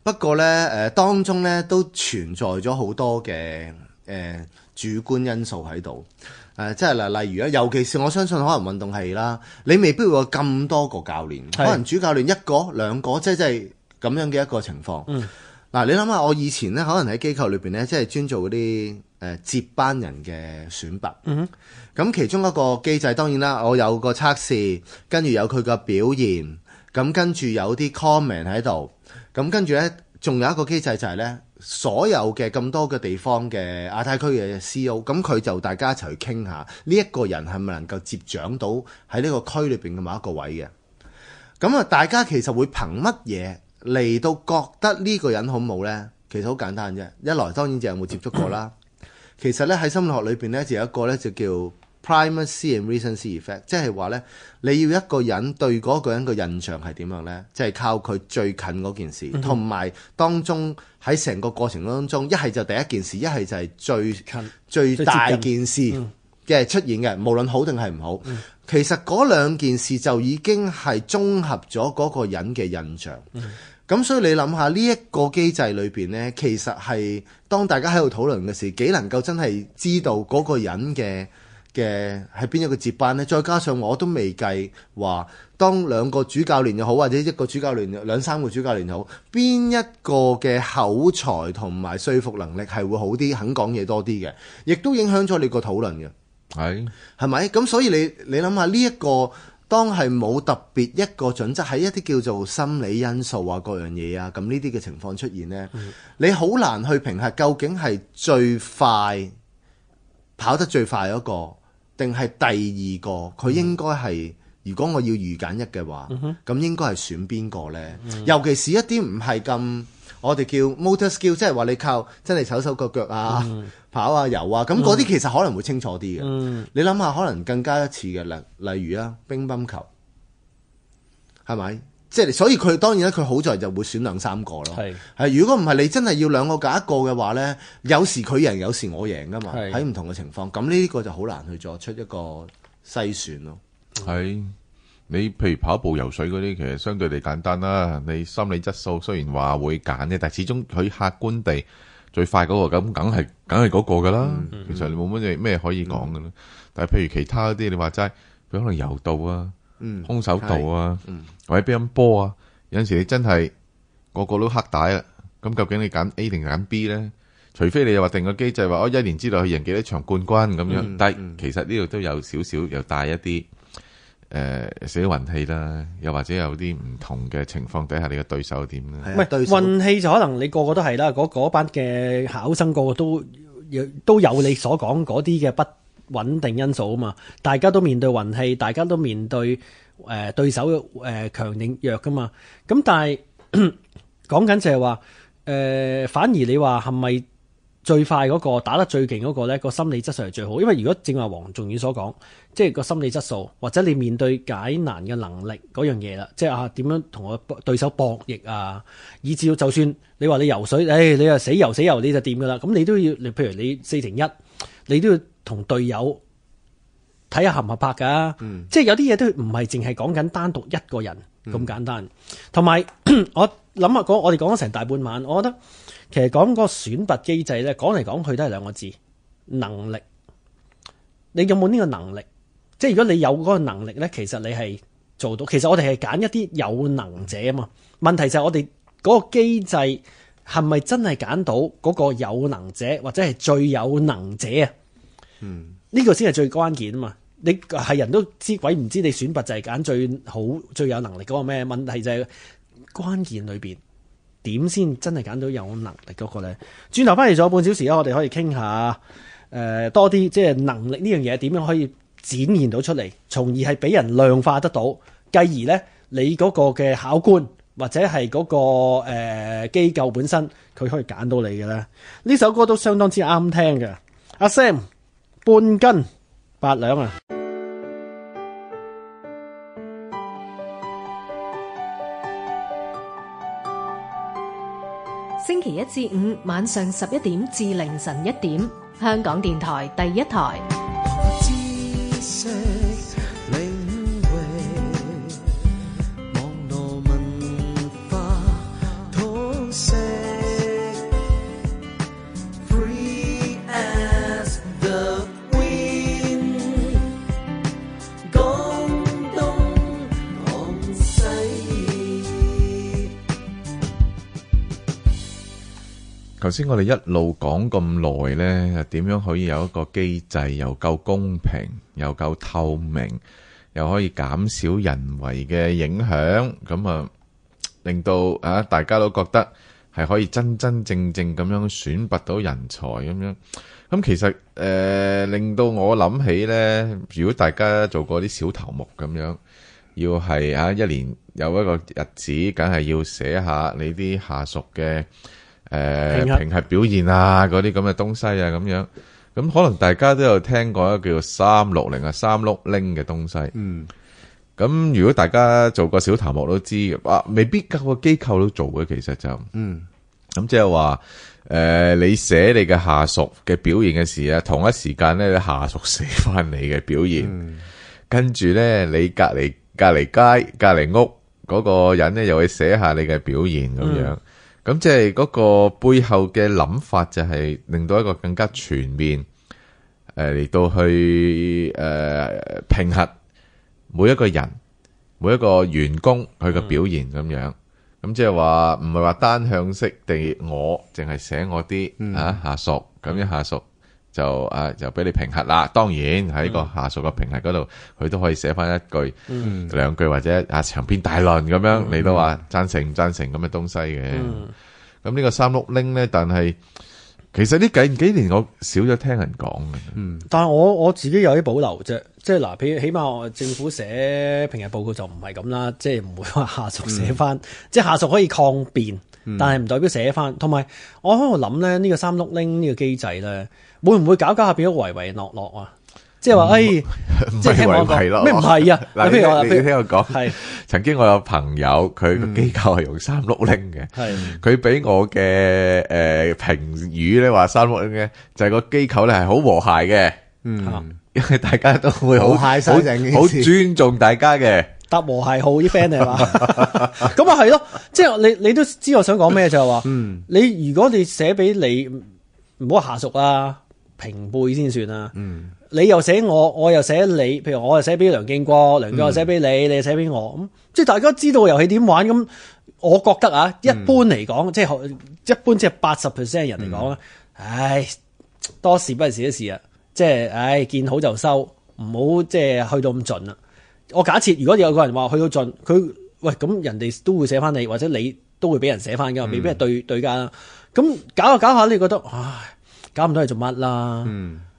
不過呢，誒當中呢都存在咗好多嘅誒。主觀因素喺度，誒、呃，即係嗱，例如咧，尤其是我相信可能運動係啦，你未必會有咁多個教練，是可能主教練一個、兩個，即係即係咁樣嘅一個情況。嗱、嗯啊，你諗下，我以前呢，可能喺機構裏邊呢，即係專做嗰啲誒接班人嘅選拔。咁、嗯、哼其中一個機制當然啦，我有個測試，跟住有佢嘅表現，咁跟住有啲 comment 喺度，咁跟住呢，仲有一個機制就係呢。所有嘅咁多嘅地方嘅亞太區嘅 C.O.，咁佢就大家一齊去傾下呢一個人係咪能夠接掌到喺呢個區裏邊嘅某一個位嘅？咁啊，大家其實會憑乜嘢嚟到覺得呢個人好冇呢？其實好簡單啫，一來當然就有冇接觸過啦。 其實呢，喺心理學裏邊呢，就有一個呢，就叫。primacy and recency effect，即係話呢，你要一個人對嗰個人嘅印象係點樣呢？即、就、係、是、靠佢最近嗰件事，同埋、嗯、哼當中喺成個過程當中，一係就第一件事，一係就係最近最近大件事嘅出現嘅，嗯、無論好定係唔好，嗯、其實嗰兩件事就已經係綜合咗嗰個人嘅印象。咁、嗯、所以你諗下呢一個機制裏邊呢，其實係當大家喺度討論嘅時，幾能夠真係知道嗰個人嘅。嘅喺邊一個接班咧？再加上我都未計話當兩個主教練又好，或者一個主教練兩三個主教練又好，邊一個嘅口才同埋說服能力係會好啲，肯講嘢多啲嘅，亦都影響咗你個討論嘅。係是，係咪？咁所以你你諗下呢一個當係冇特別一個準則，喺一啲叫做心理因素啊，各樣嘢啊，咁呢啲嘅情況出現咧，的你好難去評核究竟係最快跑得最快嗰個。定係第二個，佢應該係，嗯、如果我要預揀一嘅話，咁、嗯、哼應該係選邊個呢？嗯、尤其是一啲唔係咁，我哋叫 motor skill，即係話你靠真係手手腳腳啊、嗯、跑啊、游啊，咁嗰啲其實可能會清楚啲嘅。嗯、你諗下，可能更加一次嘅例，例如啊，乒乓球，係咪？即係，所以佢當然咧，佢好在就會選兩三個咯。係是，如果唔係，你真係要兩個揀一個嘅話呢，有時佢贏，有時我贏噶嘛。喺唔是同嘅情況，咁呢個就好難去作出一個篩選咯。係，你譬如跑步、游水嗰啲，其實相對地簡單啦。你心理質素雖然話會揀啫，但係始終佢客觀地最快嗰個咁，梗係梗係嗰個噶啦。嗯嗯嗯，其實你冇乜嘢咩可以講噶啦。嗯、但係譬如其他啲，你話齋，佢可能游到啊。嗯，空手道啊，或者乒乓波啊，有陣時你真係個個都黑帶啦。咁究竟你揀 A 定揀 B 咧？除非你又話定個機制，話我一年之內去贏幾多場冠軍咁樣。但其實呢度都有少少又帶一啲誒，少啲運氣啦，又或者有啲唔同嘅情況底下，你嘅對手點咧？唔係運氣就可能你個個都係啦。嗰嗰班嘅考生個個都都有你所講嗰啲嘅不。穩定因素啊嘛，大家都面對運氣，大家都面對誒、呃、對手誒強定弱噶嘛。咁但係講緊就係話誒，反而你話係咪最快嗰、那個打得最勁嗰個咧？個心理質素係最好，因為如果正話黃仲遠所講，即係個心理質素或者你面對解難嘅能力嗰樣嘢啦，即係啊點樣同我對手博弈啊？以至到就算你話你游水，誒、哎、你又死游死游，你就掂噶啦。咁你都要，你譬如你四乘一，你都要。同隊友睇下合唔合拍噶，嗯、即係有啲嘢都唔係淨係講緊單獨一個人咁、嗯、簡單。同埋 我諗下，講我哋講咗成大半晚，我覺得其實講個選拔機制咧，講嚟講去都係兩個字能力。你有冇呢個能力？即係如果你有嗰個能力咧，其實你係做到。其實我哋係揀一啲有能者啊。嘛，問題就係我哋嗰個機制係咪真係揀到嗰個有能者，或者係最有能者啊？嗯，呢個先係最關鍵啊嘛，你係人都知鬼唔知，你選拔就係揀最好最有能力嗰、那個咩？問題就係、是、關鍵裏邊點先真係揀到有能力嗰個咧？轉頭翻嚟咗半小時啦，我哋可以傾下誒、呃、多啲，即係能力呢樣嘢點樣可以展現到出嚟，從而係俾人量化得到，繼而咧你嗰個嘅考官或者係嗰、那個誒、呃、機構本身佢可以揀到你嘅咧？呢首歌都相當之啱聽嘅，阿 Sam。半斤八兩啊！星期一至五晚上十一點至凌晨一點，香港電台第一台。頭先我哋一路講咁耐呢，點樣可以有一個機制又夠公平，又夠透明，又可以減少人為嘅影響，咁啊，令到啊大家都覺得係可以真真正正咁樣選拔到人才咁樣。咁其實誒、呃，令到我諗起呢，如果大家做過啲小頭目咁樣，要係啊，一年有一個日子，梗係要寫下你啲下屬嘅。誒，評核、呃、衡表現啊，嗰啲咁嘅東西啊，咁樣，咁可能大家都有聽過一個叫三六零啊三六零嘅東西。嗯，咁如果大家做過小頭目都知嘅，啊，未必個個機構都做嘅，其實就，嗯，咁即係話，誒、呃，你寫你嘅下屬嘅表現嘅時啊，同一時間咧，你下屬寫翻你嘅表現，跟住咧，你隔籬隔籬街隔籬屋嗰個人咧，又會寫下你嘅表現咁樣。嗯咁即係個背後嘅諗法，就係令到一個更加全面，誒、呃、嚟到去誒、呃、平衡每一個人每一個員工佢嘅表現咁樣。咁、嗯、即係話唔係話單向式定我淨係寫我啲吓、嗯啊、下屬咁樣下屬。就啊，就俾你評核啦。當然喺個下屬嘅評核嗰度，佢都可以寫翻一句、兩句或者啊長篇大論咁樣，你都話贊成唔贊成咁嘅東西嘅。咁呢個三碌拎呢，但係其實呢幾年幾年我少咗聽人講嘅。但係我我自己有啲保留啫。即係嗱，譬起碼政府寫評核報告就唔係咁啦，即係唔會話下屬寫翻，即係下屬可以抗辯，但係唔代表寫翻。同埋我喺度諗呢，呢個三碌拎呢個機制呢。會唔會搞搞下變咗唯唯諾諾啊？即係話，哎，即係唔係咯？咩唔係啊？嗱，你聽我講，係曾經我有朋友，佢個機構係用三六零嘅，係佢俾我嘅誒評語咧，話三六零嘅就係個機構咧係好和諧嘅，嗯，因為大家都會好好尊重大家嘅，搭和諧好啲 friend 係嘛？咁啊係咯，即係你你都知我想講咩就係話，嗯，你如果你寫俾你唔好下屬啊。平輩先算啊！你又寫我，我又寫你。譬如我又寫俾梁敬國，梁敬國寫俾你，你又寫俾我。咁即係大家知道個遊戲點玩咁。我覺得啊，一般嚟講，即係一般即係八十 percent 人嚟講咧，唉，多一事不如少一事啊！即係唉，見好就收，唔好即係去到咁盡啊。我假設如果有個人話去到盡，佢喂，咁人哋都會寫翻你，或者你都會俾人寫翻㗎，未必係對對家啦。咁搞下搞下，你覺得唉～搞咁多嘢做乜啦？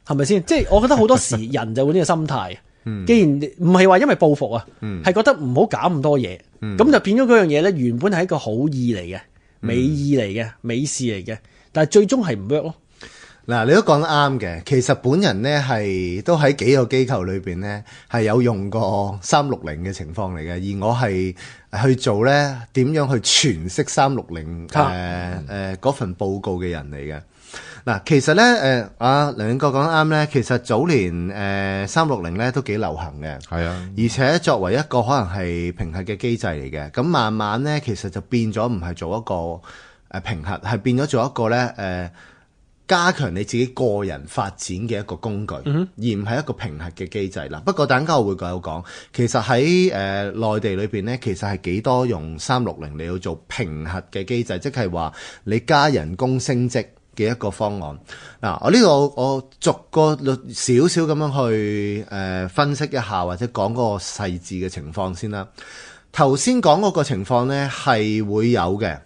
係咪先？即係我覺得好多時人就會呢個心態，嗯、既然唔係話因為報復啊，係、嗯、覺得唔好搞咁多嘢，咁、嗯、就變咗嗰樣嘢咧。原本係一個好意嚟嘅，嗯、美意嚟嘅，美事嚟嘅，但係最終係唔 work 咯。嗱、嗯，你都講得啱嘅。其實本人咧係都喺幾個機構裏邊咧係有用過三六零嘅情況嚟嘅，而我係去做咧點樣去詮釋三六零誒誒嗰份報告嘅人嚟嘅。呃呃呃嗯嗯嗱，其實咧，誒、呃，阿梁敬國講得啱咧。其實早年誒三六零咧都幾流行嘅，係啊的，而且作為一個可能係評核嘅機制嚟嘅，咁慢慢咧其實就變咗唔係做一個誒評核，係變咗做一個咧誒、呃、加強你自己個人發展嘅一個工具，嗯、哼而唔係一個評核嘅機制啦。不過，等陣間我會繼續講，其實喺誒、呃、內地裏邊咧，其實係幾多用三六零嚟去做評核嘅機制，即係話你加人工升職。嘅一個方案嗱，我呢個我，我逐個略少少咁樣去誒、呃、分析一下，或者講嗰個細緻嘅情況先啦。頭先講嗰個情況呢，係會有嘅。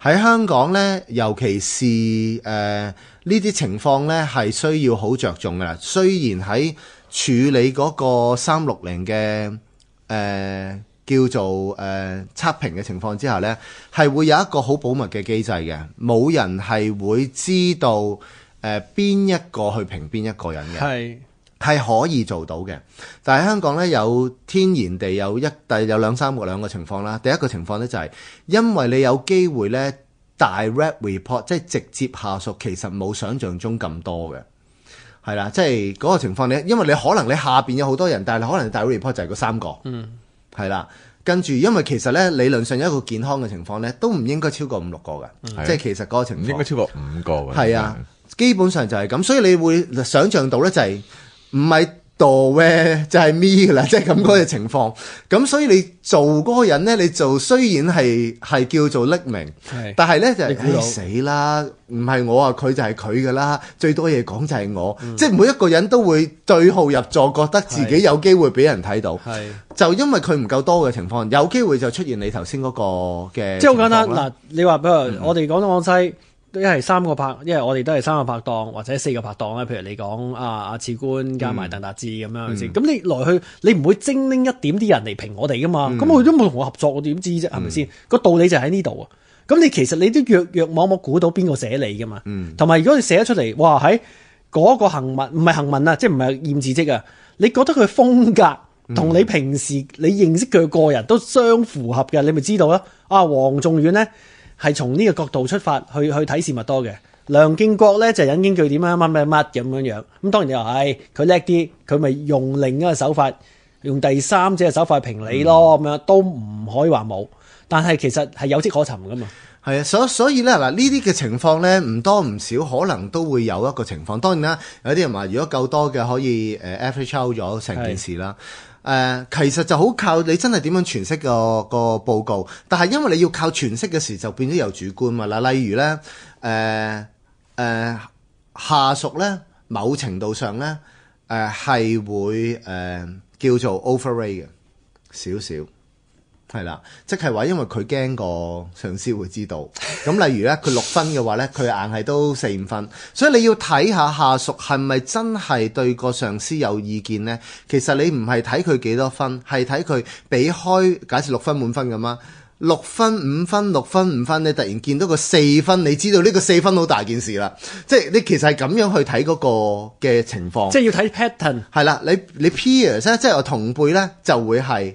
喺香港呢，尤其是誒呢啲情況呢，係需要好着重㗎喇。雖然喺處理嗰個三六零嘅誒。呃叫做誒、呃、測評嘅情況之下呢，係會有一個好保密嘅機制嘅，冇人係會知道誒邊、呃、一個去評邊一個人嘅，係係是可以做到嘅。但係香港呢，有天然地有一第有兩三個兩個情況啦。第一個情況呢，就係、是、因為你有機會呢 direct report 即係直接下屬，其實冇想像中咁多嘅係啦，即係嗰個情況呢，因為你可能你下邊有好多人，但係你可能 direct report 就係嗰三個。嗯係啦，跟住，因為其實咧理論上一個健康嘅情況咧，都唔應該超過五六個嘅，的即係其實嗰個情況應該超過五個嘅，係啊的，的基本上就係咁，所以你會想像到咧，就係唔係。度位就係咪嘅啦，即係咁嗰個情況。咁 所以你做嗰個人咧，你就雖然係係叫做匿名，是但係咧就係、是哎、死啦，唔係我啊，佢就係佢噶啦。最多嘢講就係我，嗯、即係每一個人都會對號入座，覺得自己有機會俾人睇到。就因為佢唔夠多嘅情況，有機會就出現你頭先嗰個嘅。即係好簡單嗱，你話譬如我哋講廣東西。嗯都係三個拍，因為我哋都係三個拍檔或者四個拍檔啦。譬如你講啊啊，次官加埋鄧達志咁樣先。咁你來去你唔會精靈一點啲人嚟評我哋噶嘛？咁佢都冇同我合作，我點知啫？係咪先？個道理就喺呢度啊！咁你其實你都弱弱冇冇估到邊個寫你噶嘛？同埋如果你寫咗出嚟，哇喺嗰個行文唔係行文啊，即係唔係驗字跡啊？你覺得佢風格同你平時你認識佢個人都相符合嘅，你咪知道囉。啊，黃仲遠呢。係從呢個角度出發去去睇事物多嘅，梁敬國咧就是、引經據典啊乜乜乜咁樣樣，咁當然又係佢叻啲，佢、哎、咪用另一個手法，用第三者嘅手法評理咯咁樣，嗯、都唔可以話冇。但係其實係有跡可尋噶嘛。係啊，所所以咧嗱，呢啲嘅情況咧唔多唔少，可能都會有一個情況。當然啦，有啲人話如果夠多嘅可以誒 F H O 咗成件事啦。誒、呃、其實就好靠你真係點樣詮釋、個、個報告，但係因為你要靠詮釋嘅時就變咗有主觀嘛。嗱、呃，例如咧誒誒下屬咧某程度上咧誒係會誒、呃、叫做 overrate 嘅少少。係啦，即係話，因為佢驚個上司會知道。咁 例如咧，佢六分嘅話咧，佢硬係都四五分。所以你要睇下下屬係咪真係對個上司有意見咧？其實你唔係睇佢幾多分，係睇佢俾開。假設六分滿分咁啊，六分五分六分五分你突然見到個四分，你知道呢個四分好大件事啦。即係你其實係咁樣去睇嗰個嘅情況。即係要睇 pattern。係啦，你你 peer 即係即係我同輩咧，就會係。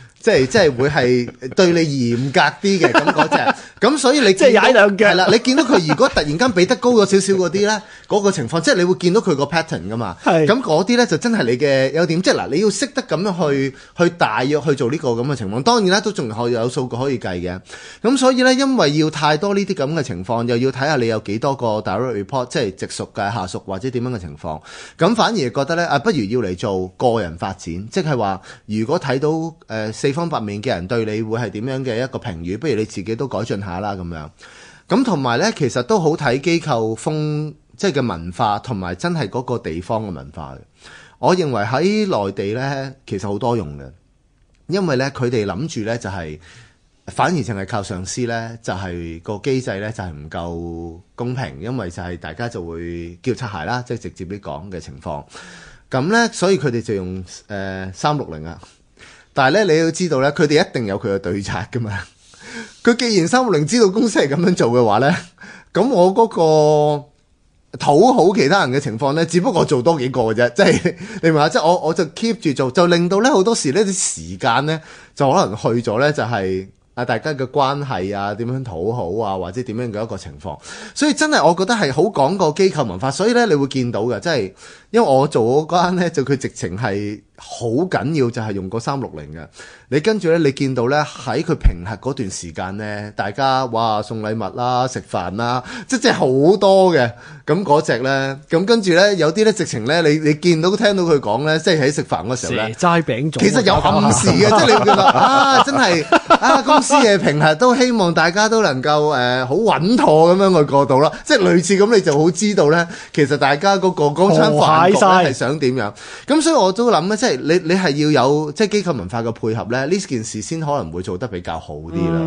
即係即係會係對你嚴格啲嘅咁嗰隻，咁所以你即係踩兩腳啦。你見到佢如果突然間比得高咗少少啲咧，嗰個情況即係你會見到佢個 pattern 噶嘛？係咁嗰啲咧，就真係你嘅優點，即係嗱，你要識得咁樣去去大約去做呢個咁嘅情況，當然啦，都仲可有數據可以計嘅。咁所以咧，因為要太多呢啲咁嘅情況又要睇下你有幾多個 direct report，即係直屬嘅下屬或者點樣嘅情況，咁反而覺得咧啊，不如要嚟做個人發展，即係話如果睇到誒。呃地方八面嘅人對你會係點樣嘅一個評語？不如你自己都改進下啦，咁樣。咁同埋咧，其實都好睇機構風，即係嘅文化，同埋真係嗰個地方嘅文化嘅。我認為喺內地咧，其實好多用嘅，因為咧佢哋諗住咧就係、是、反而淨係靠上司咧，就係、是、個機制咧就係唔夠公平，因為就係大家就會叫擦鞋啦，即、就、係、是、直接啲講嘅情況。咁咧，所以佢哋就用誒三六零啊。呃但係咧，你要知道咧，佢哋一定有佢嘅對策噶嘛。佢 既然三六零知道公司係咁樣做嘅話咧，咁 我嗰、個討好其他人嘅情況咧，只不過做多幾個嘅啫。即、就、係、是、你明即係、就是、我我就 keep 住做，就令到咧好多時呢啲時間咧就可能去咗咧、就是，就係啊大家嘅關係啊，點樣討好啊，或者點樣嘅一個情況。所以真係我覺得係好講個機構文化，所以咧你會見到嘅，即、就、係、是、因為我做嗰間咧就佢直情係。好緊要就係用個三六零嘅。你跟住咧，你見到咧喺佢平核嗰段時間咧，大家哇送禮物啦、食飯啦，即係即係好多嘅。咁嗰隻咧，咁跟住咧有啲咧直情咧，你你見到聽到佢講咧，即係喺食飯嗰時候咧，齋餅組其實有暗示嘅。即係你會覺得 啊，真係啊公司嘅平核都希望大家都能夠誒好穩妥咁樣去過度啦，即係類似咁，你就好知道咧，其實大家嗰個嗰餐飯局咧係想點樣。咁所以我都諗咧，即係。你你係要有即係機構文化嘅配合咧，呢件事先可能會做得比較好啲啦。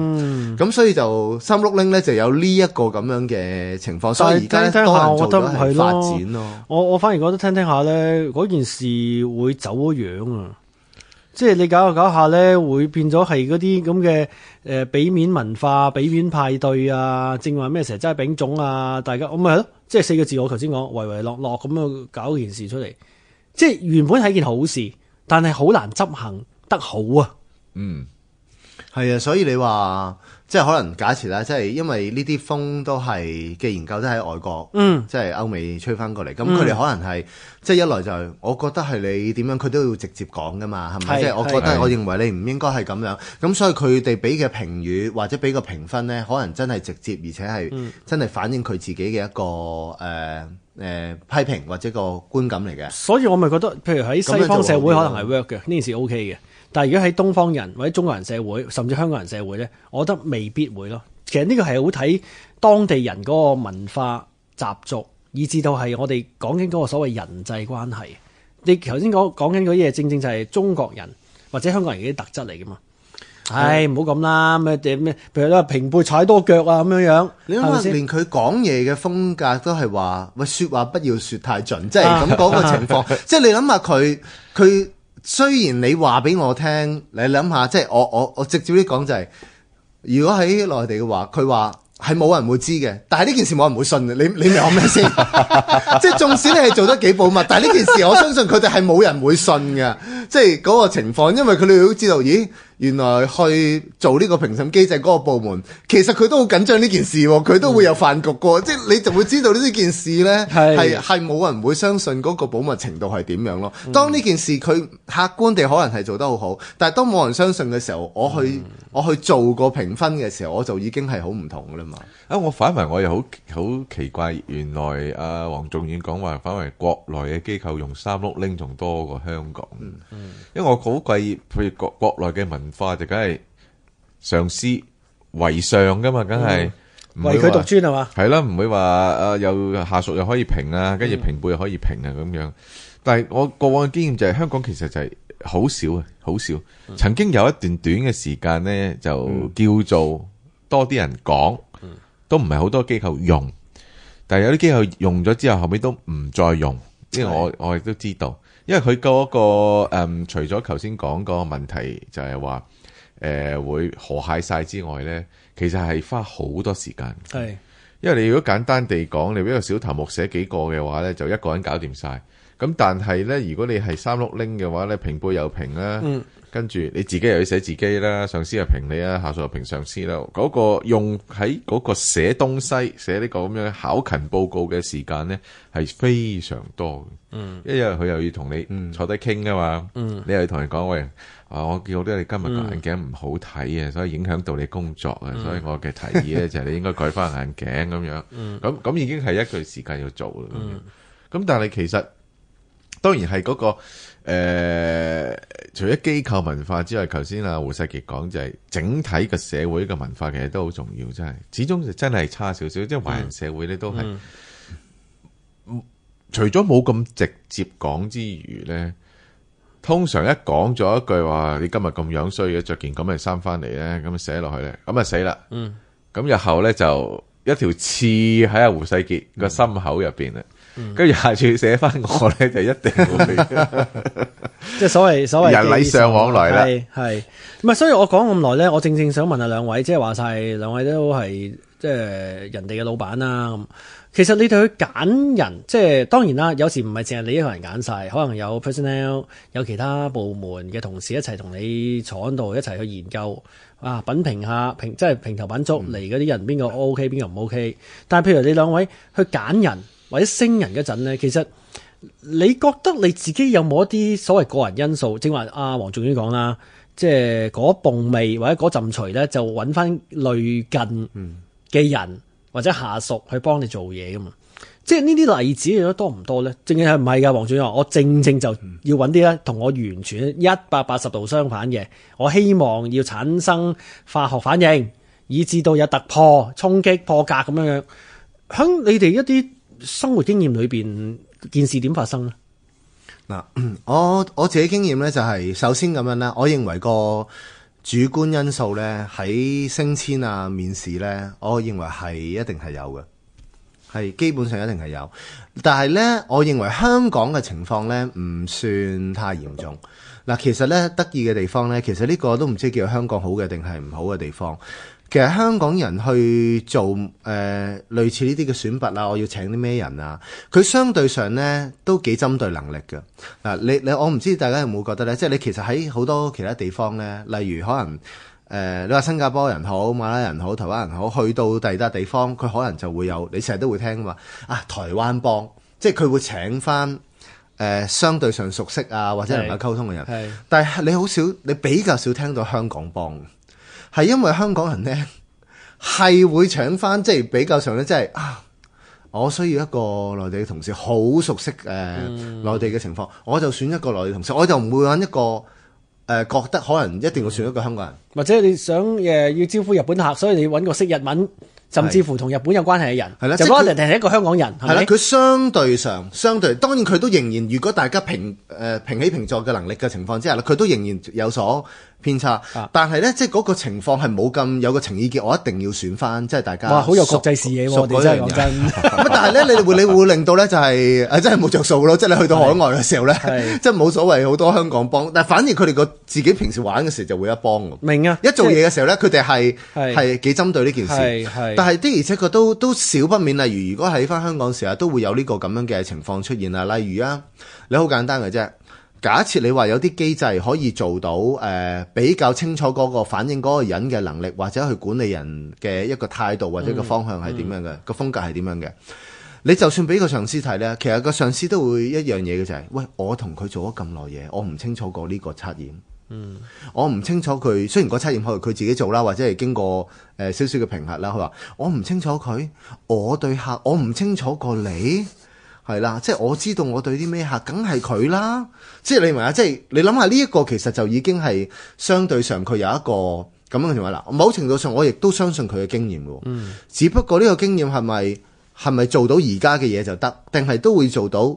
咁、嗯、所以就三碌拎，咧就有呢一個咁樣嘅情況。是所以而家多人我覺得唔去發展咯。我我反而覺得聽聽下咧，嗰件事會走咗樣啊！即係你搞下搞下咧，會變咗係嗰啲咁嘅誒俾面文化、俾面派對啊，正話咩成日爭品種啊，大家我咪係咯，即、嗯、係、就是、四個字我頭先講唯唯諾諾咁樣搞件事出嚟。即係原本係件好事，但係好難執行得好啊。嗯，係啊，所以你話即係可能假設咧，即係因為呢啲風都係嘅研究都喺外國，嗯，即係歐美吹翻過嚟，咁佢哋可能係、嗯、即係一來就係，我覺得係你點樣佢都要直接講噶嘛，係咪？即係我覺得是我認為你唔應該係咁樣，咁所以佢哋俾嘅評語或者俾個評分呢，可能真係直接而且係真係反映佢自己嘅一個誒。呃呃誒、呃，批評或者個觀感嚟嘅，所以我咪覺得，譬如喺西方社會可能係 work 嘅，呢件事 OK 嘅，但係如果喺東方人或者中國人社會，甚至香港人社會咧，我覺得未必會咯。其實呢個係好睇當地人嗰個文化習俗，以至到係我哋講緊嗰個所謂人際關係。你頭先講講緊嗰啲嘢，正正就係中國人或者香港人嘅啲特質嚟噶嘛。唉，唔好咁啦，咩咩譬如平輩踩多腳啊，咁樣樣。你諗下，連佢講嘢嘅風格都係話，話說話不要說太盡，即係咁嗰個情況。即係 你諗下，佢佢雖然你話俾我聽，你諗下，即係我我我直接啲講就係，如果喺內地嘅話，佢話係冇人會知嘅，但係呢件事冇人會信。你你明我咩先？即係縱使你係做得幾保密，但係呢件事，我相信佢哋係冇人會信嘅。即係嗰個情況，因為佢哋都知道，咦？咦原來去做呢個評審機制嗰個部門，其實佢都好緊張呢件事，哦，佢都會有飯局過，哦，嗯，即係你就會知道呢件事呢係係冇人會相信嗰個保密程度係點樣咯。當呢件事佢客觀地可能係做得好好，但係當冇人相信嘅時候，我去我去做個評分嘅時候，我就已經係好唔同噶啦嘛。啊，我反為我又好好奇怪，原來阿黃仲遠講話反為國內嘅機構用三碌拎仲多過香港，嗯嗯，因為我好貴，譬如國國內嘅民。文化就梗係上司為上噶嘛，梗係、嗯、為佢獨尊係嘛，係啦，唔會話誒有下屬又可以評啊，跟住平輩又可以評啊咁樣。但係我過往嘅經驗就係、是、香港其實就係好少啊，好少。曾經有一段短嘅時間呢，就叫做多啲人講，嗯、都唔係好多機構用。但係有啲機構用咗之後，後尾都唔再用，因為我我亦都知道。因為佢嗰、那個誒、嗯，除咗頭先講個問題，就係話誒會河蟹晒之外咧，其實係花好多時間。係是，因為你如果簡單地講，你俾個小題目寫幾個嘅話咧，就一個人搞掂晒。咁但係咧，如果你係三碌拎嘅話咧，平背有平啦。嗯跟住你自己又要寫自己啦，上司又評你啦，下屬又評上司啦。嗰、嗰個用喺嗰個寫東西、寫呢個咁樣考勤報告嘅時間呢，係非常多嘅、嗯嗯。嗯，因為佢又要同你坐低傾噶嘛。你又要同人講喂，啊，我見好多你今日眼鏡唔好睇啊，嗯、所以影響到你工作啊，嗯、所以我嘅提議呢，就係你應該改翻眼鏡咁樣。嗯，咁咁已經係一段時間要做啦。嗯，咁但係其實。當然係嗰、那個誒、呃，除咗機構文化之外，頭先阿胡世傑講就係、是、整體嘅社會嘅文化，其實都好重要，真係始終真、嗯、就真係差少少。即係華人社會咧，都係除咗冇咁直接講之餘咧，嗯、通常一講咗一句話，你今日咁樣衰嘅，着件咁嘅衫翻嚟咧，咁啊寫落去咧，咁啊死啦！嗯，咁日後咧就一條刺喺阿胡世傑個心口入邊啊！嗯跟住下次寫翻我咧，就一定會 即係所謂所謂禮尚往來啦。係係，咁啊所以我講咁耐咧，我正正想問下兩位，即係話晒兩位都係即係人哋嘅老闆啦、啊。其實你哋去揀人，即係當然啦，有時唔係淨係你一個人揀晒，可能有 personnel 有其他部門嘅同事一齊同你坐喺度一齊去研究啊，品評下評即係評頭品足嚟嗰啲人邊個 OK 邊個唔 OK。但係譬如你兩位去揀人。或者升人嗰陣咧，其實你覺得你自己有冇一啲所謂個人因素？正話阿黃仲遠講啦，即係嗰縫味或者嗰陣除咧，就揾翻類近嘅人或者下屬去幫你做嘢噶嘛。即係呢啲例子你有多唔多咧？正正係唔係㗎？黃仲遠，我正正就要揾啲咧同我完全一百八十度相反嘅，我希望要產生化學反應，以至到有突破、衝擊、破格咁樣樣。響你哋一啲生活經驗裏邊件事點發生咧？嗱，我我自己經驗咧就係首先咁樣啦。我認為個主觀因素咧喺升遷啊、面試咧，我認為係一定係有嘅，係基本上一定係有。但係咧，我認為香港嘅情況咧唔算太嚴重。嗱，其實咧得意嘅地方咧，其實呢個都唔知叫香港好嘅定係唔好嘅地方。其實香港人去做誒、呃、類似呢啲嘅選拔啦，我要請啲咩人啊？佢相對上咧都幾針對能力嘅嗱、啊。你你我唔知大家有冇覺得咧，即係你其實喺好多其他地方咧，例如可能誒、呃、你話新加坡人好、馬來人好、台灣人好，去到第二笪地方，佢可能就會有你成日都會聽㗎嘛。啊，台灣幫即係佢會請返誒、呃、相對上熟悉啊或者能夠溝通嘅人，但係你好少你比較少聽到香港幫，係因為香港人呢，係會搶返，即係比較上呢，即係啊，我需要一個內地嘅同事，好熟悉誒、呃嗯、內地嘅情況，我就選一個內地同事，我就唔會揾一個誒、呃、覺得可能一定要選一個香港人，嗯、或者你想誒、呃、要招呼日本客，所以你要揾個識日文，是甚至乎同日本有關係嘅人，的就可能係一個香港人，係啦，佢相對上，相對當然佢都仍然，如果大家平誒、呃、平起平坐嘅能力嘅情況之下呢，佢都仍然有所。偏差，但係咧，即係嗰個情況係冇咁有個情意結，我一定要選翻，即係大家哇，好有國際視野喎！真係講真，但係咧，你會會令到咧就係啊，真係冇着數咯！即係你去到海外嘅時候咧，即係冇所謂好多香港幫，但係反而佢哋個自己平時玩嘅時候就會一幫，明啊！一做嘢嘅時候咧，佢哋係係幾針對呢件事，但係的而且確都都少不免，例如如果喺翻香港時候，都會有呢個咁樣嘅情況出現啊，例如啊，你好簡單嘅啫。假設你話有啲機制可以做到誒、呃、比較清楚嗰個反映嗰個人嘅能力，或者去管理人嘅一個態度或者個方向係點樣嘅個、嗯、風格係點樣嘅，嗯、你就算俾個上司睇呢，其實個上司都會一樣嘢嘅就係、是，喂，我同佢做咗咁耐嘢，我唔清楚過呢個測驗，嗯，我唔清楚佢雖然個測驗佢佢自己做啦，或者係經過誒少少嘅評核啦，佢話我唔清楚佢，我對客我唔清楚過你。係啦，即係我知道我對啲咩客，梗係佢啦。即係你明啊，即係你諗下呢一個，其實就已經係相對上佢有一個咁樣嘅情況啦。某程度上，我亦都相信佢嘅經驗嘅。嗯，只不過呢個經驗係咪係咪做到而家嘅嘢就得，定係都會做到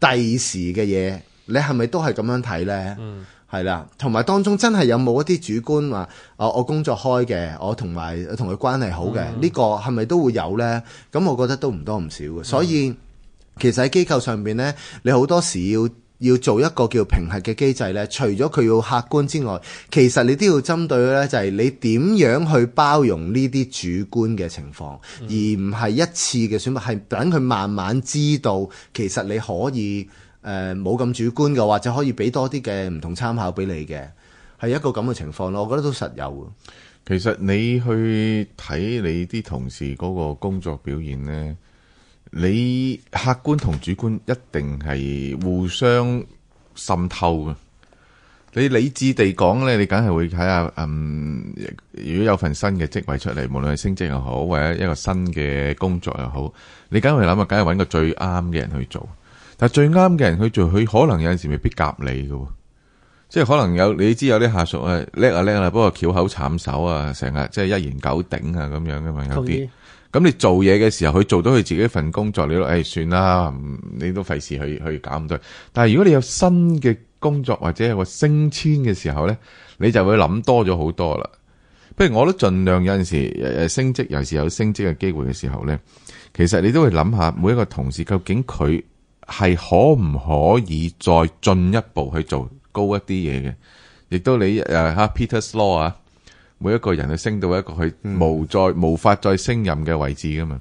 第時嘅嘢？你係咪都係咁樣睇呢？嗯，係啦，同埋當中真係有冇一啲主觀話，哦、呃，我工作開嘅，我同埋同佢關係好嘅，呢、嗯、個係咪都會有呢？咁我覺得都唔多唔少嘅，所以。嗯其實喺機構上邊呢，你好多時要要做一個叫評核嘅機制咧，除咗佢要客觀之外，其實你都要針對呢，就係你點樣去包容呢啲主觀嘅情況，而唔係一次嘅選拔，係等佢慢慢知道，其實你可以誒冇咁主觀嘅，或者可以俾多啲嘅唔同參考俾你嘅，係一個咁嘅情況咯。我覺得都實有。其實你去睇你啲同事嗰個工作表現呢。你客觀同主觀一定係互相滲透嘅。你理智地講呢，你梗係會睇下，嗯，如果有份新嘅職位出嚟，無論係升職又好，或者一個新嘅工作又好，你梗係諗啊，梗係揾個最啱嘅人去做。但係最啱嘅人去做，佢可能有陣時未必夾你嘅，即係可能有你知有啲下屬誒叻啊叻啦，不過翹口慘手啊，成日即係一言九鼎啊咁樣嘅嘛，有啲。咁你做嘢嘅時候，佢做到佢自己份工作，你都誒、哎、算啦，你都費事去去搞咁多。但係如果你有新嘅工作或者有個升遷嘅時候呢，你就會諗多咗好多啦。不如我都盡量有陣時升職，有時有升職嘅機會嘅時候呢，其實你都會諗下每一個同事究竟佢係可唔可以再進一步去做高一啲嘢嘅，亦都你誒、啊、Peter's Law 啊。每一個人去升到一個佢無再、嗯、無法再升任嘅位置噶嘛，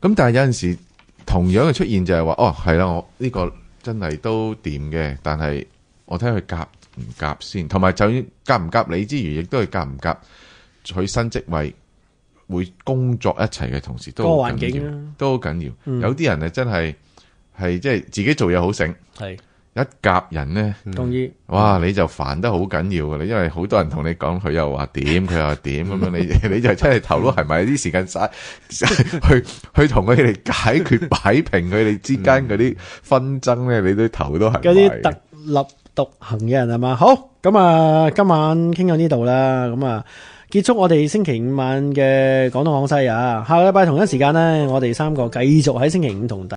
咁但係有陣時同樣嘅出現就係話哦係啦、啊、我呢個真係都掂嘅，但係我睇佢夾唔夾先，同埋就夾唔夾你之餘，亦都係夾唔夾佢新職位會工作一齊嘅同時都好緊要，環境啊、都好緊要。嗯、有啲人係真係係即係自己做嘢好醒。一夾人呢，同意、嗯、哇！你就煩得好緊要㗎喇，你因為好多人同你講，佢又話點，佢又話點咁樣，樣 你你就真係頭都係咪啲時間晒去去同佢哋解決， 解決擺平佢哋之間嗰啲紛爭咧？你都頭都係嗰啲特立獨行嘅人係嘛？好咁啊，今晚傾到呢度啦，咁啊結束我哋星期五晚嘅廣東廣西啊，下個禮拜同一時間呢，我哋三個繼續喺星期五同